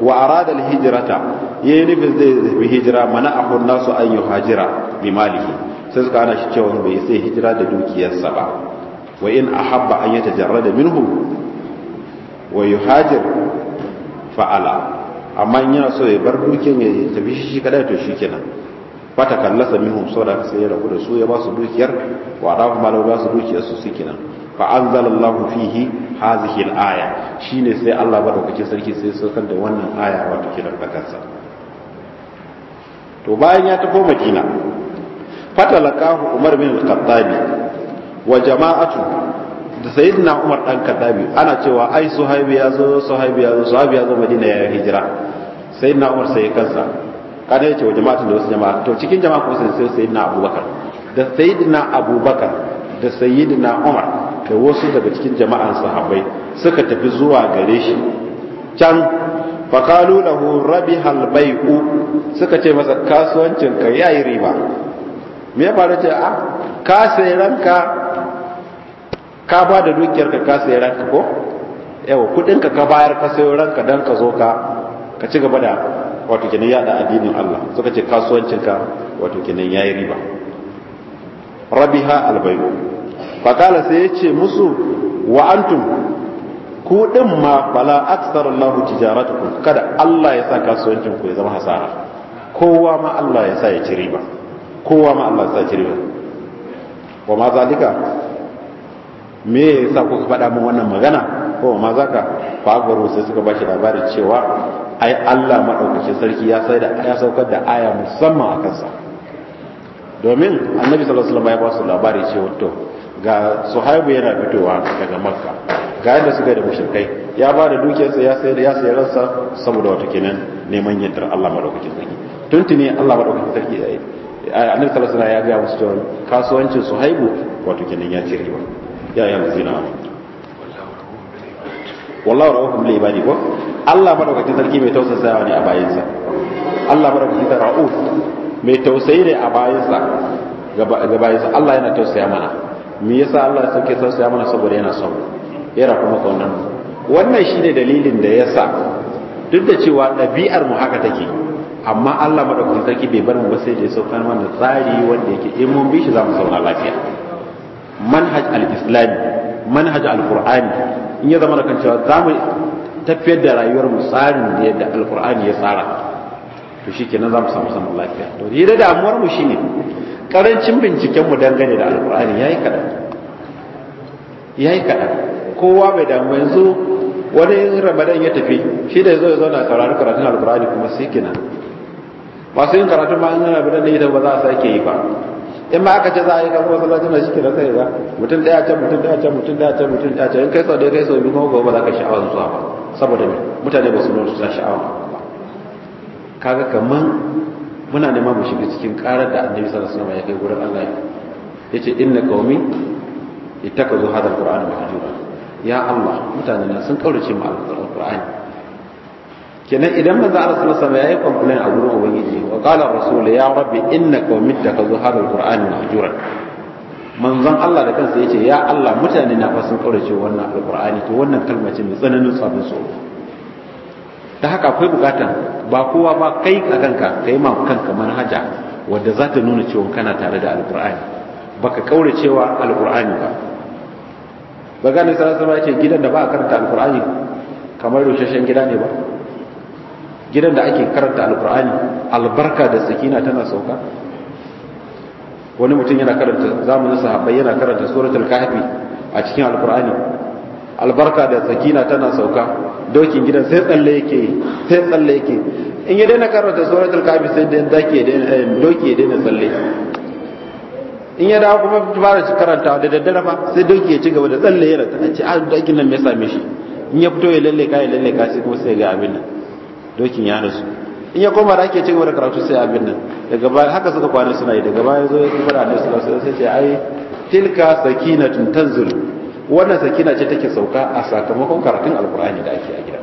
Speaker 3: wa arada alhijrata yayi nufin zai hijira mana ahun nasu an hajira bi malihi sai suka ana shi cewa bai sai hijira da dukiyarsa ba wa in ahabba an jarrada minhu wa hajar fa'ala amma in yana so ya bar dukiyar ya tafi shi shi kadai to kina fata kallasa minhum sawda sai ya rabu da su ya ba su dukiyar wa da kuma ba su dukiyar su shikenan fa anzalallahu fihi hazihi al’aya shi ne sai Allah da sarki sai saukar da wannan aya wato kiran kansa to bayan ya tafi fata fatalakahu Umar bin al wa jama'atu da sayyidina umar dan kadabi ana cewa ai suhaibi ya zo suhaibi ya zo suhaibi ya zo madina ya hijira sayyidina umar sai kansa kada ya ce wa jama'atin da wasu jama'a to cikin jama'a kuma sai sayyidina abubakar da sayyidina abubakar da sayyidina umar da wasu daga cikin jama'an sahabbai suka tafi zuwa gare shi can faƙalu lahu rabi halbai'u suka ce masa kasuwancinka ya yi riba me ya faru ce a ah, ka sai ranka ka ba da dukiyar ka ka sayi ranka ko yawa kudin ka ka bayar ka sayo ranka dan ka zo ka ka ci gaba da wato kenan yada addinin Allah suka ce kasuwancin ka wato kinan yayi riba rabiha albayu fa kala sai yace musu wa antum ku din ma bala aksar Allah tijaratukum kada Allah ya sa kasuwancin ku ya zama hasara kowa ma Allah ya sa ya ci riba kowa ma Allah ya sa ya ci riba wa ma zalika me yasa kuka faɗa min wannan magana ko ma zaka fagaro sai suka bashi labarin cewa ai Allah madaukakin sarki ya sai da ya saukar da aya musamman a kansa domin annabi sallallahu alaihi wasallam ya ba su labari cewa to ga suhaibu yana fitowa daga makka ga yadda suka da mushrikai ya ba da dukiyarsa ya da ya sai ransa saboda wata kenan neman yaddar Allah madaukakin sarki tuntuni Allah madaukakin sarki eh, annabi sallallahu alaihi wasallam ya ga musu cewa kasuwancin suhaibu wato kenan ya ci ya yi zina wallahu rahum lil ibadi ko Allah madaukakin sarki mai tausasawa ne a bayansa Allah madaukakin sarki rauf mai tausayi ne a bayansa ga bayansa Allah yana tausaya mana me yasa Allah sauke tausaya mana saboda yana son yana kuma kaunar wannan shine dalilin da yasa duk da cewa ɗabi'ar mu haka take amma Allah madaukakin sarki bai bar mu ba sai da saukar mana tsari wanda yake in mun bi shi za mu zauna lafiya manhaj al-islami manhaj al-qur'ani in ya zama kan cewa za mu tafiyar da rayuwar mu tsarin da yadda al-qur'ani ya tsara to shikenan za mu samu zaman lafiya to yi da damuwar mu shine karancin binciken mu dangane da al-qur'ani yayi kada yayi kada kowa bai damu yanzu wani yin ramadan ya tafi shi da yazo ya zauna karatu karatun al-qur'ani kuma sai kina masu yin karatu ma an ramadan ne idan ba za a sake yi ba in ma aka ce za a yi kafin masallacin da shike da sai ga mutum daya can mutum daya can mutum daya can mutum daya can in kai sau da kai sau biyu kuma gobe za ka sha'awar zuwa ba saboda me mutane ba su nuna su sha'awar ba kaga kaman muna nema mu shiga cikin karar da annabi sallallahu alaihi wasallam ya kai gurin Allah ce inna qaumi ittakazu hadha alqur'ana mahjura ya Allah mutane na sun kaurace mu alqur'ani kenan idan manzo Allah sallallahu alaihi wasallam yayi complain a gurin ubangiji wa qala rasul ya rabbi innaka umitta ka zuhar alquran majura manzon Allah da kansa yace ya Allah mutane na fa sun kaurace wannan alqurani to wannan kalma ce mai tsananin sabon so. ta haka akwai bukatan ba kowa ba kai a kanka kai ma kanka manhaja wadda za ta nuna cewa kana tare da alqurani baka kauracewa alqurani ba ba gane sallallahu alaihi wasallam yace gidan da ba a karanta alqurani kamar rushashen gida ne ba gidan da ake karanta alkur'ani albarka da sakina tana sauka wani mutum yana karanta zamanin sahabbai yana karanta suratul kahfi a cikin alkur'ani albarka da sakina tana sauka dokin gidan sai tsalle yake sai tsalle yake in ya daina karanta suratul kahfi sai da zaki ya daina doki ya daina tsalle in ya dawo kuma fara karanta da daddare fa sai doki ya ci gaba da tsalle yana ta ce a ah, dokin nan me ya same shi in ya fito ya lalle ka ya lalle ka sai kuma sai ga abin nan dokin ya rasu in ya koma da ake ci gaba da karatu sai abin nan daga baya haka suka kwana suna yi daga baya zo ya kuma da annabi sallallahu sai ce ai tilka sakinatun tanzil wannan sakina ce take sauka a sakamakon karatun alqur'ani da ake a gida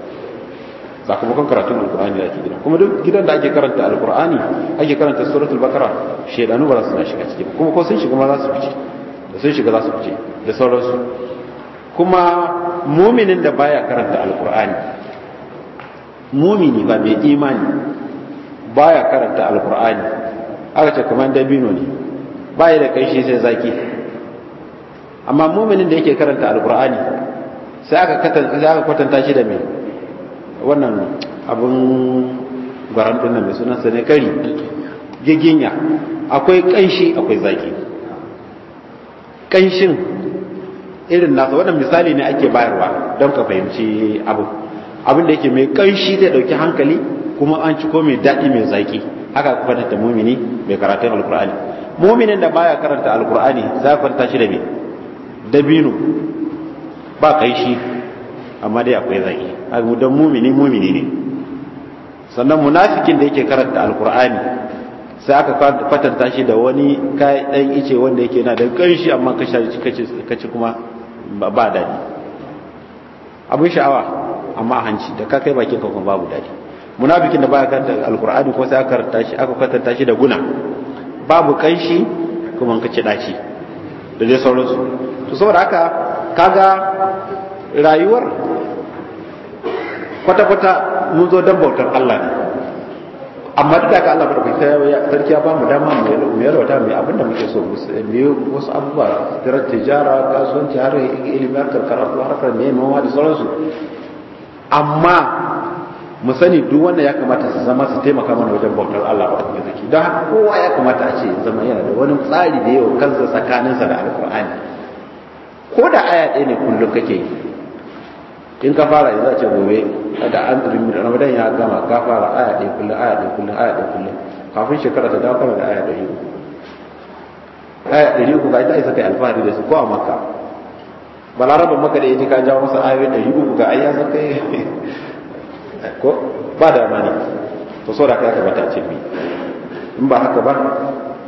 Speaker 3: sakamakon karatun alqur'ani da ake gida kuma duk gidan da ake karanta alqur'ani ake karanta suratul bakara shedanu ba za su shiga ciki kuma ko sun shiga ma za su fice da sun shiga za su fice da sauransu kuma muminin da baya karanta alqur'ani mumini ba mai imani baya karanta alkur'ani aka ce kamar dabino ne baya da kai shi sai zaki amma muminin da yake karanta alkur'ani sai aka kwatanta shi da mai wannan abun gwaran nan mai sa ne kari giginya akwai kanshi akwai zaki kanshin irin nasa wannan misali ne ake bayarwa don ka fahimci abu abin da yake mai ƙanshi zai ɗauki hankali kuma an ci mai daɗi mai zaƙi haka ku kwatanta mumini mai karatun alkur'ani muminin da baya karanta alkur'ani za ku shi da me dabino ba ƙanshi amma dai akwai zaƙi haka don mumini mumini ne sannan munafikin da yake karanta alkur'ani sai aka fatanta shi da wani ɗan ice wanda yake na da ƙanshi amma kashi kuma ba daɗi abin sha'awa amma hanci da ka kai bakin ka babu dadi munafikin da baya karanta alqur'ani ko sai aka karanta shi aka kwatanta shi da guna babu kanshi kuma ka ci daci da dai sauransu to saboda haka kaga rayuwar kwata-kwata mun zo dan bautar Allah ne amma duk da ka Allah barkai sarki ya ba mu dama mu yalwata mu abin da muke so mu yi wasu abubuwa tirar tijara kasuwanci har ilimi har karatu har karkara ne mawa da sauransu amma mu sani duk wanda ya kamata su zama su taimaka mana wajen bautar Allah ba kuma zaki don haka kowa ya kamata a ce zama yana da wani tsari da yawa kansa tsakaninsa da alkur'ani ko da aya ɗaya ne kullum kake yi in ka fara yanzu a ce gobe da an turmi da ramadan ya gama ka fara aya ɗaya kullum aya ɗaya kullum aya ɗaya kullum kafin shekara ta dawo da aya ɗaya uku aya ɗaya uku ga ita isa kai alfahari da su ko a makka balaraba maka da yaji ka jawo masa ayoyi da yi ga ayya ya san kai ko ba da ne to saboda kai aka bata ce bi in ba haka ba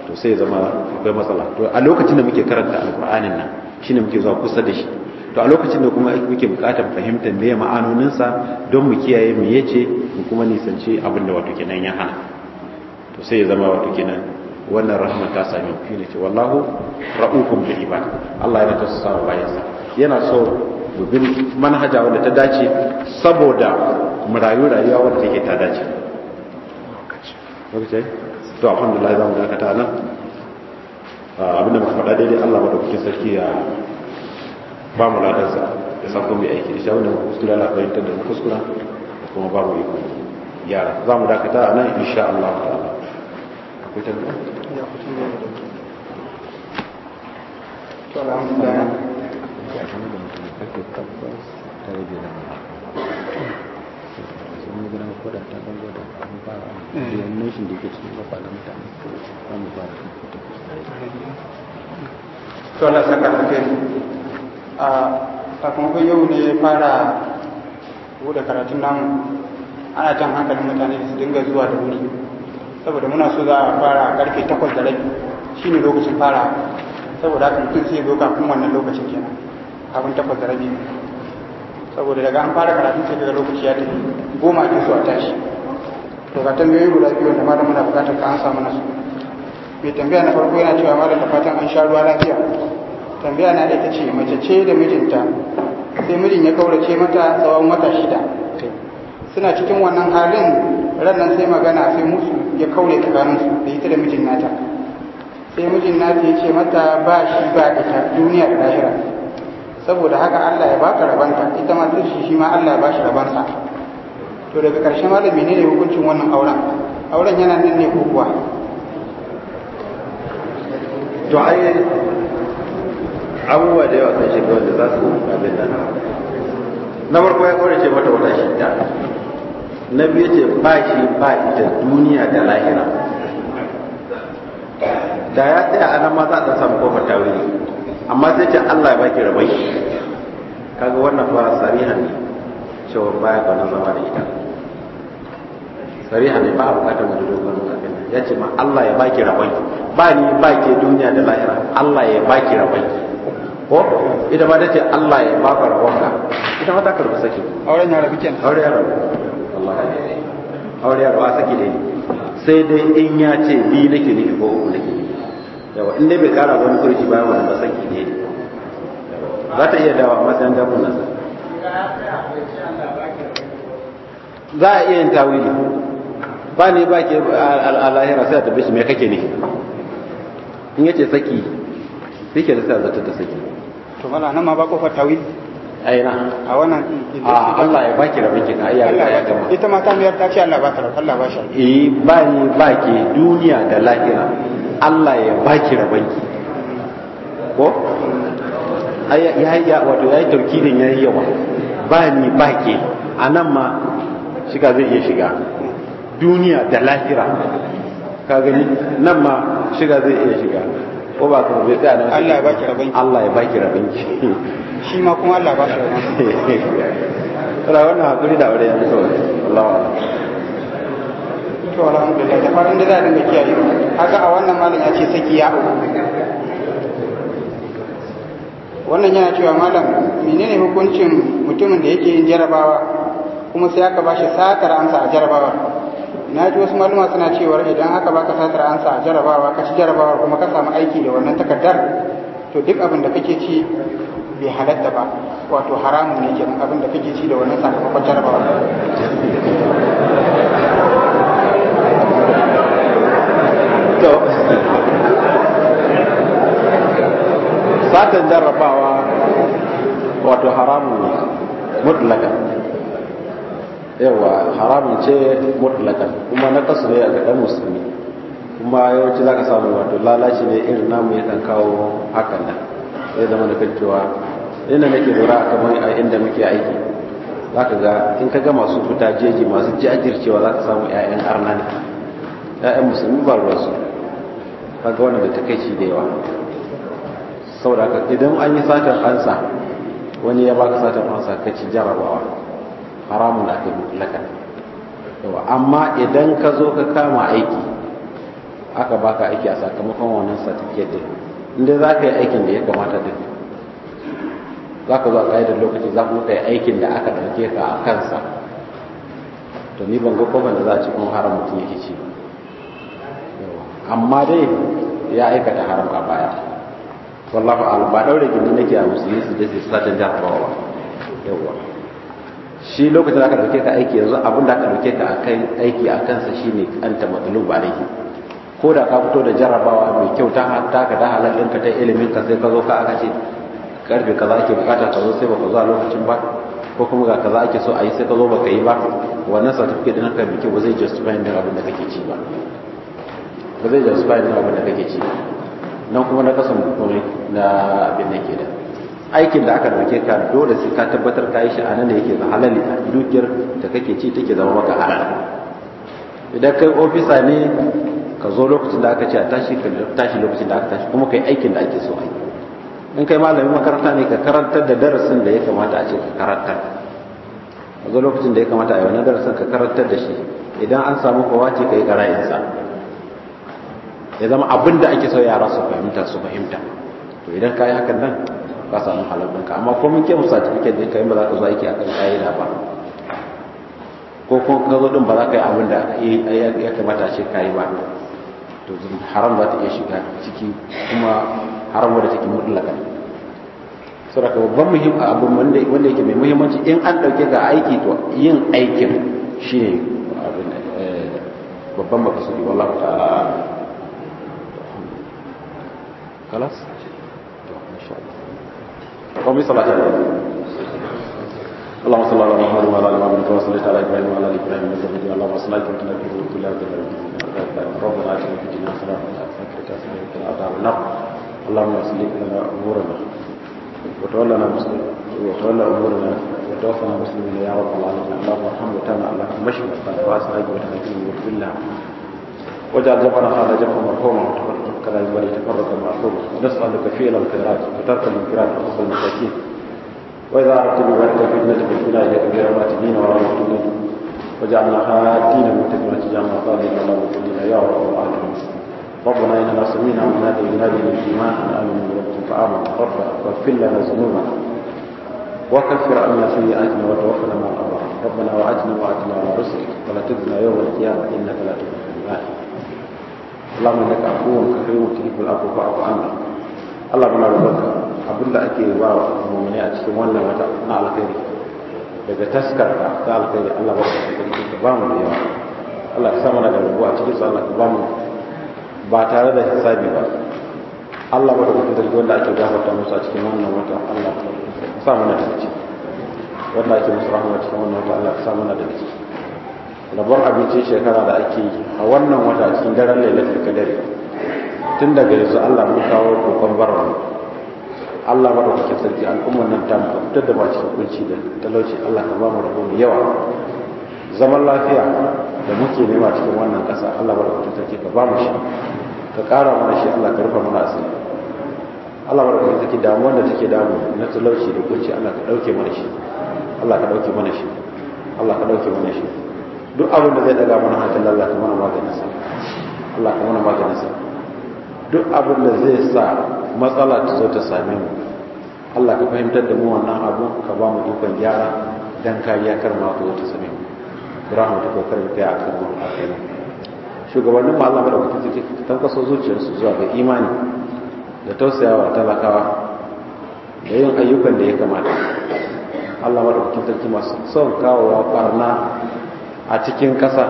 Speaker 3: to sai zama akwai matsala to a lokacin da muke karanta alqur'anin nan ne muke zuwa kusa da shi to a lokacin da kuma muke bukatar fahimtar me ma'anoninsa don mu kiyaye mu yace mu kuma nisanci abin da wato kenan ya hana to sai ya zama wato kenan wannan rahmat ta sami ku ne wallahu ra'ukum bil ibad Allah yana sa wa bayansa yana so dubin manhaja wanda ta dace saboda murayu rayuwa wanda take ta dace lokaci to alhamdulillah za mu dakata nan ah, abinda muka faɗa daidai Allah ba da kuke sarki ya ba mu ladansa ya sa kuma aiki da shawun da kuskura na fahimtar da kuskura da kuma ba mu iko yara za mu dakata nan insha Allah ta'ala akwai ya tambaya
Speaker 4: to alhamdulillah
Speaker 3: ake amfani da mutum da ke tabbas ta rage da mara sun yi gina koda ta bango da an fara yawan eh. yan da ke cikin kwakwalen mutane ba mu fara kan kuta to na saka kake
Speaker 4: a sakamakon yau ne fara buɗe karatun nan ana can hankalin mutane su dinga zuwa da wuri saboda muna so za a fara karfe takwas da rabi shine lokacin fara saboda haka mutum sai zo kafin wannan lokacin kenan abin tabbas da rabi saboda daga an fara karatu sai daga lokaci ya tafi goma ake so a tashi to ga tambayoyi guda biyu wanda malam muna bukatar ka an samu nasu mai tambaya na farko yana cewa malam da fatan an sha ruwa lafiya tambaya na ita ce mace ce da mijinta sai mijin ya kaurace mata tsawon wata shida suna cikin wannan halin rannan sai magana sai musu ya kaure tsakaninsu da ita da mijin nata sai mijin nata ya ce mata ba shi ba ita duniya da lahira saboda haka Allah ya baka rabanta ita ma turshi shi ma Allah ya bashi rabansa to daga ƙarshen malami ne ne hukuncin wannan auren auren yana nan ne ko
Speaker 3: to ai abubuwa da yawa sun shiga wanda za su abin da na farko ya ce mata wata da na biyu ce ba shi ba ita duniya da lahira da ya tsaya a nan ma za ta samu kofar tawili amma sai ce Allah ya baki rabai kaga wannan fara sarihan ne cewa baya ba na zama da ita sarihan ne ba a bukatar wani dogon kafin ya ce ma Allah ya baki rabai ba ni ba ke duniya da lahira Allah ya baki rabai ko ita ma ce Allah ya baka ka. ita ma ta karbi saki auren ya rabu kenan auren ya rabu Allah ya auren ya rabu saki ne sai dai in ya ce bi nake nufi ko uku nake yawa in dai bai kara wani kurji bayan wani masaki ne za ta iya dawa masu yan damun nasa za a iya yin tawili ba ne ba ke al'ahira sai a tabbashi mai kake ne in ce saki sai ke da sai a zata ta saki to mana nan ma ba kofar tawili aina a wannan a Allah ya baki rabin ki ayya ya gama
Speaker 4: ita ma ta miyar ta ce Allah ba ta Allah ba shi eh
Speaker 3: ba ni ba ke duniya da lahira Allah ya baki rabanki ko ya yi wato ya yi ya yi yawa ba ni ba a nan ma shiga zai iya shiga duniya da lahira ka gani nan ma shiga zai iya shiga ko ba ka zai tsaya nan Allah ya baki rabanki Allah ya baki rabanki <laughs> shi ma kuma Allah ba shi rabanki
Speaker 4: ra wannan hakuri da aure ya mutu Allah to alhamdulillah da fatan da a dinga kiyaye haka a wannan malam ya ce saki ya wannan yana cewa malam menene hukuncin mutumin da yake yin jarabawa kuma sai aka bashi satar ansa a jarabawa na ji wasu maluma suna cewa idan aka baka satar ansa a jarabawa ka ci jarabawa kuma ka samu aiki da wannan takardar to duk abin da kake ci bai halatta ba wato haramun ne kenan abin da kake ci da wannan sakamakon jarabawa
Speaker 3: satan jarrabawa wato haramun mutlaka yawa haramun ce mutlaka kuma na kasu ne a musulmi kuma yawanci za ka samu wato lalaci ne irin namu ya kawo hakan nan zai zama da cewa ina nake lura a kamar a inda muke aiki za ka ga in ka ga masu fita jeji masu jajircewa za ka samu 'ya'yan arna ne 'ya'yan musulmi ba su ka ga wani da takaici da yawa saboda haka idan an yi satin ansa wani ya baka satin ansa ka ci jarabawa haramun aka yi laka amma idan ka zo ka kama aiki aka baka aiki a sakamakon wannan certificate din inda za ka yi aikin da ya kamata din za ka zo a ƙa'idar lokaci za kuma ka yi aikin da aka ɗauke ka a kansa to ni ban ga kofar da za a ci kuma haram mutum yake ci amma dai ya aikata haram a baya wallahu a'lam ba daure gindi nake a su da satin jarabawa yawa shi lokacin da aka dauke ka aiki yanzu abin da aka dauke ka akai aiki a kansa shine anta matlub alayhi ko da ka fito da jarabawa mai kyau ta hatta ka da halal ɗinka ta ilimin ka sai ka zo ka aka ce karfe kaza ake bukata ka zo sai baka zo a lokacin ba ko kuma ga kaza ake so a yi sai ka zo baka yi ba wannan certificate din ka bike ba zai justify din abin da kake ci ba ba zai justify din abin da kake ci ba nan kuma na kasan bukuri na abin da ke da aikin da aka dauke ka dole sai ka tabbatar ka yi shi anan da yake a dukiyar da kake ci take zama maka halal idan kai ofisa ne ka zo lokacin da aka ce a tashi ka tashi lokacin da aka tashi kuma kai aikin da ake so a yi in kai malamin makaranta ne ka karantar da darasin da ya kamata a ce ka karantar a zo lokacin da ya kamata a yi wani darasin ka karantar da shi idan an samu kowace ka yi karayinsa ya zama abin da ake so yara su fahimta su fahimta to idan ka yi hakan nan ka samu halabinka amma ko musa ta fike da yi ba za ka zo aiki akan ƙa'ida ba ko ko ka zo ɗin ba za ka yi abin da ya kamata ce ka yi ba to haram za ta iya shiga ciki kuma haram wadda take mutlaka saboda babban muhim abin wanda yake mai muhimmanci in an dauke ga aiki to yin aikin shi ne eh, babban makasudi wallahu ta'ala خلاص
Speaker 2: ان شاء الله قومي صلاه اللهم صل على
Speaker 3: محمد وعلى ال محمد كما صليت على ابراهيم وعلى ال ابراهيم انك حميد مجيد اللهم صل على محمد وعلى ال ابراهيم انك حميد مجيد ربنا اجعلنا في الدنيا حسنه وفي الاخره حسنه وقنا عذاب النار اللهم اصلح لنا امورنا وتولنا مسلمين وتولى امورنا وتوفنا مسلمين يا رب العالمين اللهم ارحم وتعالى اللهم مشفى واسعد وتهديه واغفر لنا واجعل جمعنا خالجكم مرحوما وتفرقنا يبالي تفرقا لك في الى الخيرات وترك المنكرات وحب المساكين وإذا أردت بذلك الفتنة بالفنا إلى غير الراتبين ولا المفتونين واجعلنا خاتين من تجمع جامعة طالبين الله مفتونين يا رب العالمين ربنا إننا سمينا ونادي من للإيمان أن آمنوا بربكم فآمنوا ربنا واغفر لنا ذنوبنا وكفر عنا سيئاتنا وتوفنا مع الأبرار ربنا وعدنا وعدنا على رسلك ولا تذنا يوم القيامة إنك لا بالله اللهم انك عفو كريم تحب العفو فاعف Allah الله بنا ربك abinda ake ba wa mummune a cikin wannan wata na alkhairi daga taskar ka ta alkhairi Allah ba ka ka ba mu yawa Allah ya sa daga da rubu a cikin sa Allah ka ba mu ba tare da hisabi ba Allah ba da kuma dalilin wanda ake gafarta musu a cikin wannan wata Allah ka sa na da ciki wanda ake musu rahama cikin wannan wata Allah ka sa na da ciki rabon abincin shekara da ake yi a wannan wata cikin daren lailatul kadari tun daga yanzu Allah mu kawo kokon barwa Allah ba da ke sarki al'ummar nan ta mutu da ba cikin kunci da talauci Allah ka ba mu rabon yawa zaman lafiya da muke nema cikin wannan ƙasa Allah ba da kake sarki ka ba mu shi ka ƙara mana shi Allah ka rufa mana asiri Allah ba da ke sarki damu wanda take damu na talauci da kunci Allah ka dauke mana shi Allah ka ɗauke mana shi Allah ka ɗauke mana shi duk abin da zai daga mana hankali Allah ka na maganin sa Allah ka na maganin sa duk abin da zai sa matsala ta zo ta same mu Allah ka fahimtar da mu wannan abu ka ba mu ikon gyara dan kariya kar ma ta zo ta same mu Ibrahim ta kokarin kai a kan a kai shugabannin mu Allah madaukakin sarki ka tankaso zuciyarsu zuwa ga imani da tausayawa talakawa da yin ayyukan da ya kamata Allah madaukakin sarki masu son kawowa barna a cikin ƙasa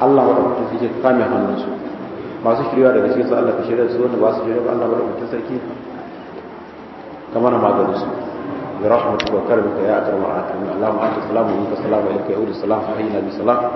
Speaker 3: Allah madaukakin su ke kame hannunsu masu shirya daga cikin su Allah ka shirya su wanda ba su shirya ba Allah sarki ka mana maganin su ma'aikata salamu ka ka a yi na bi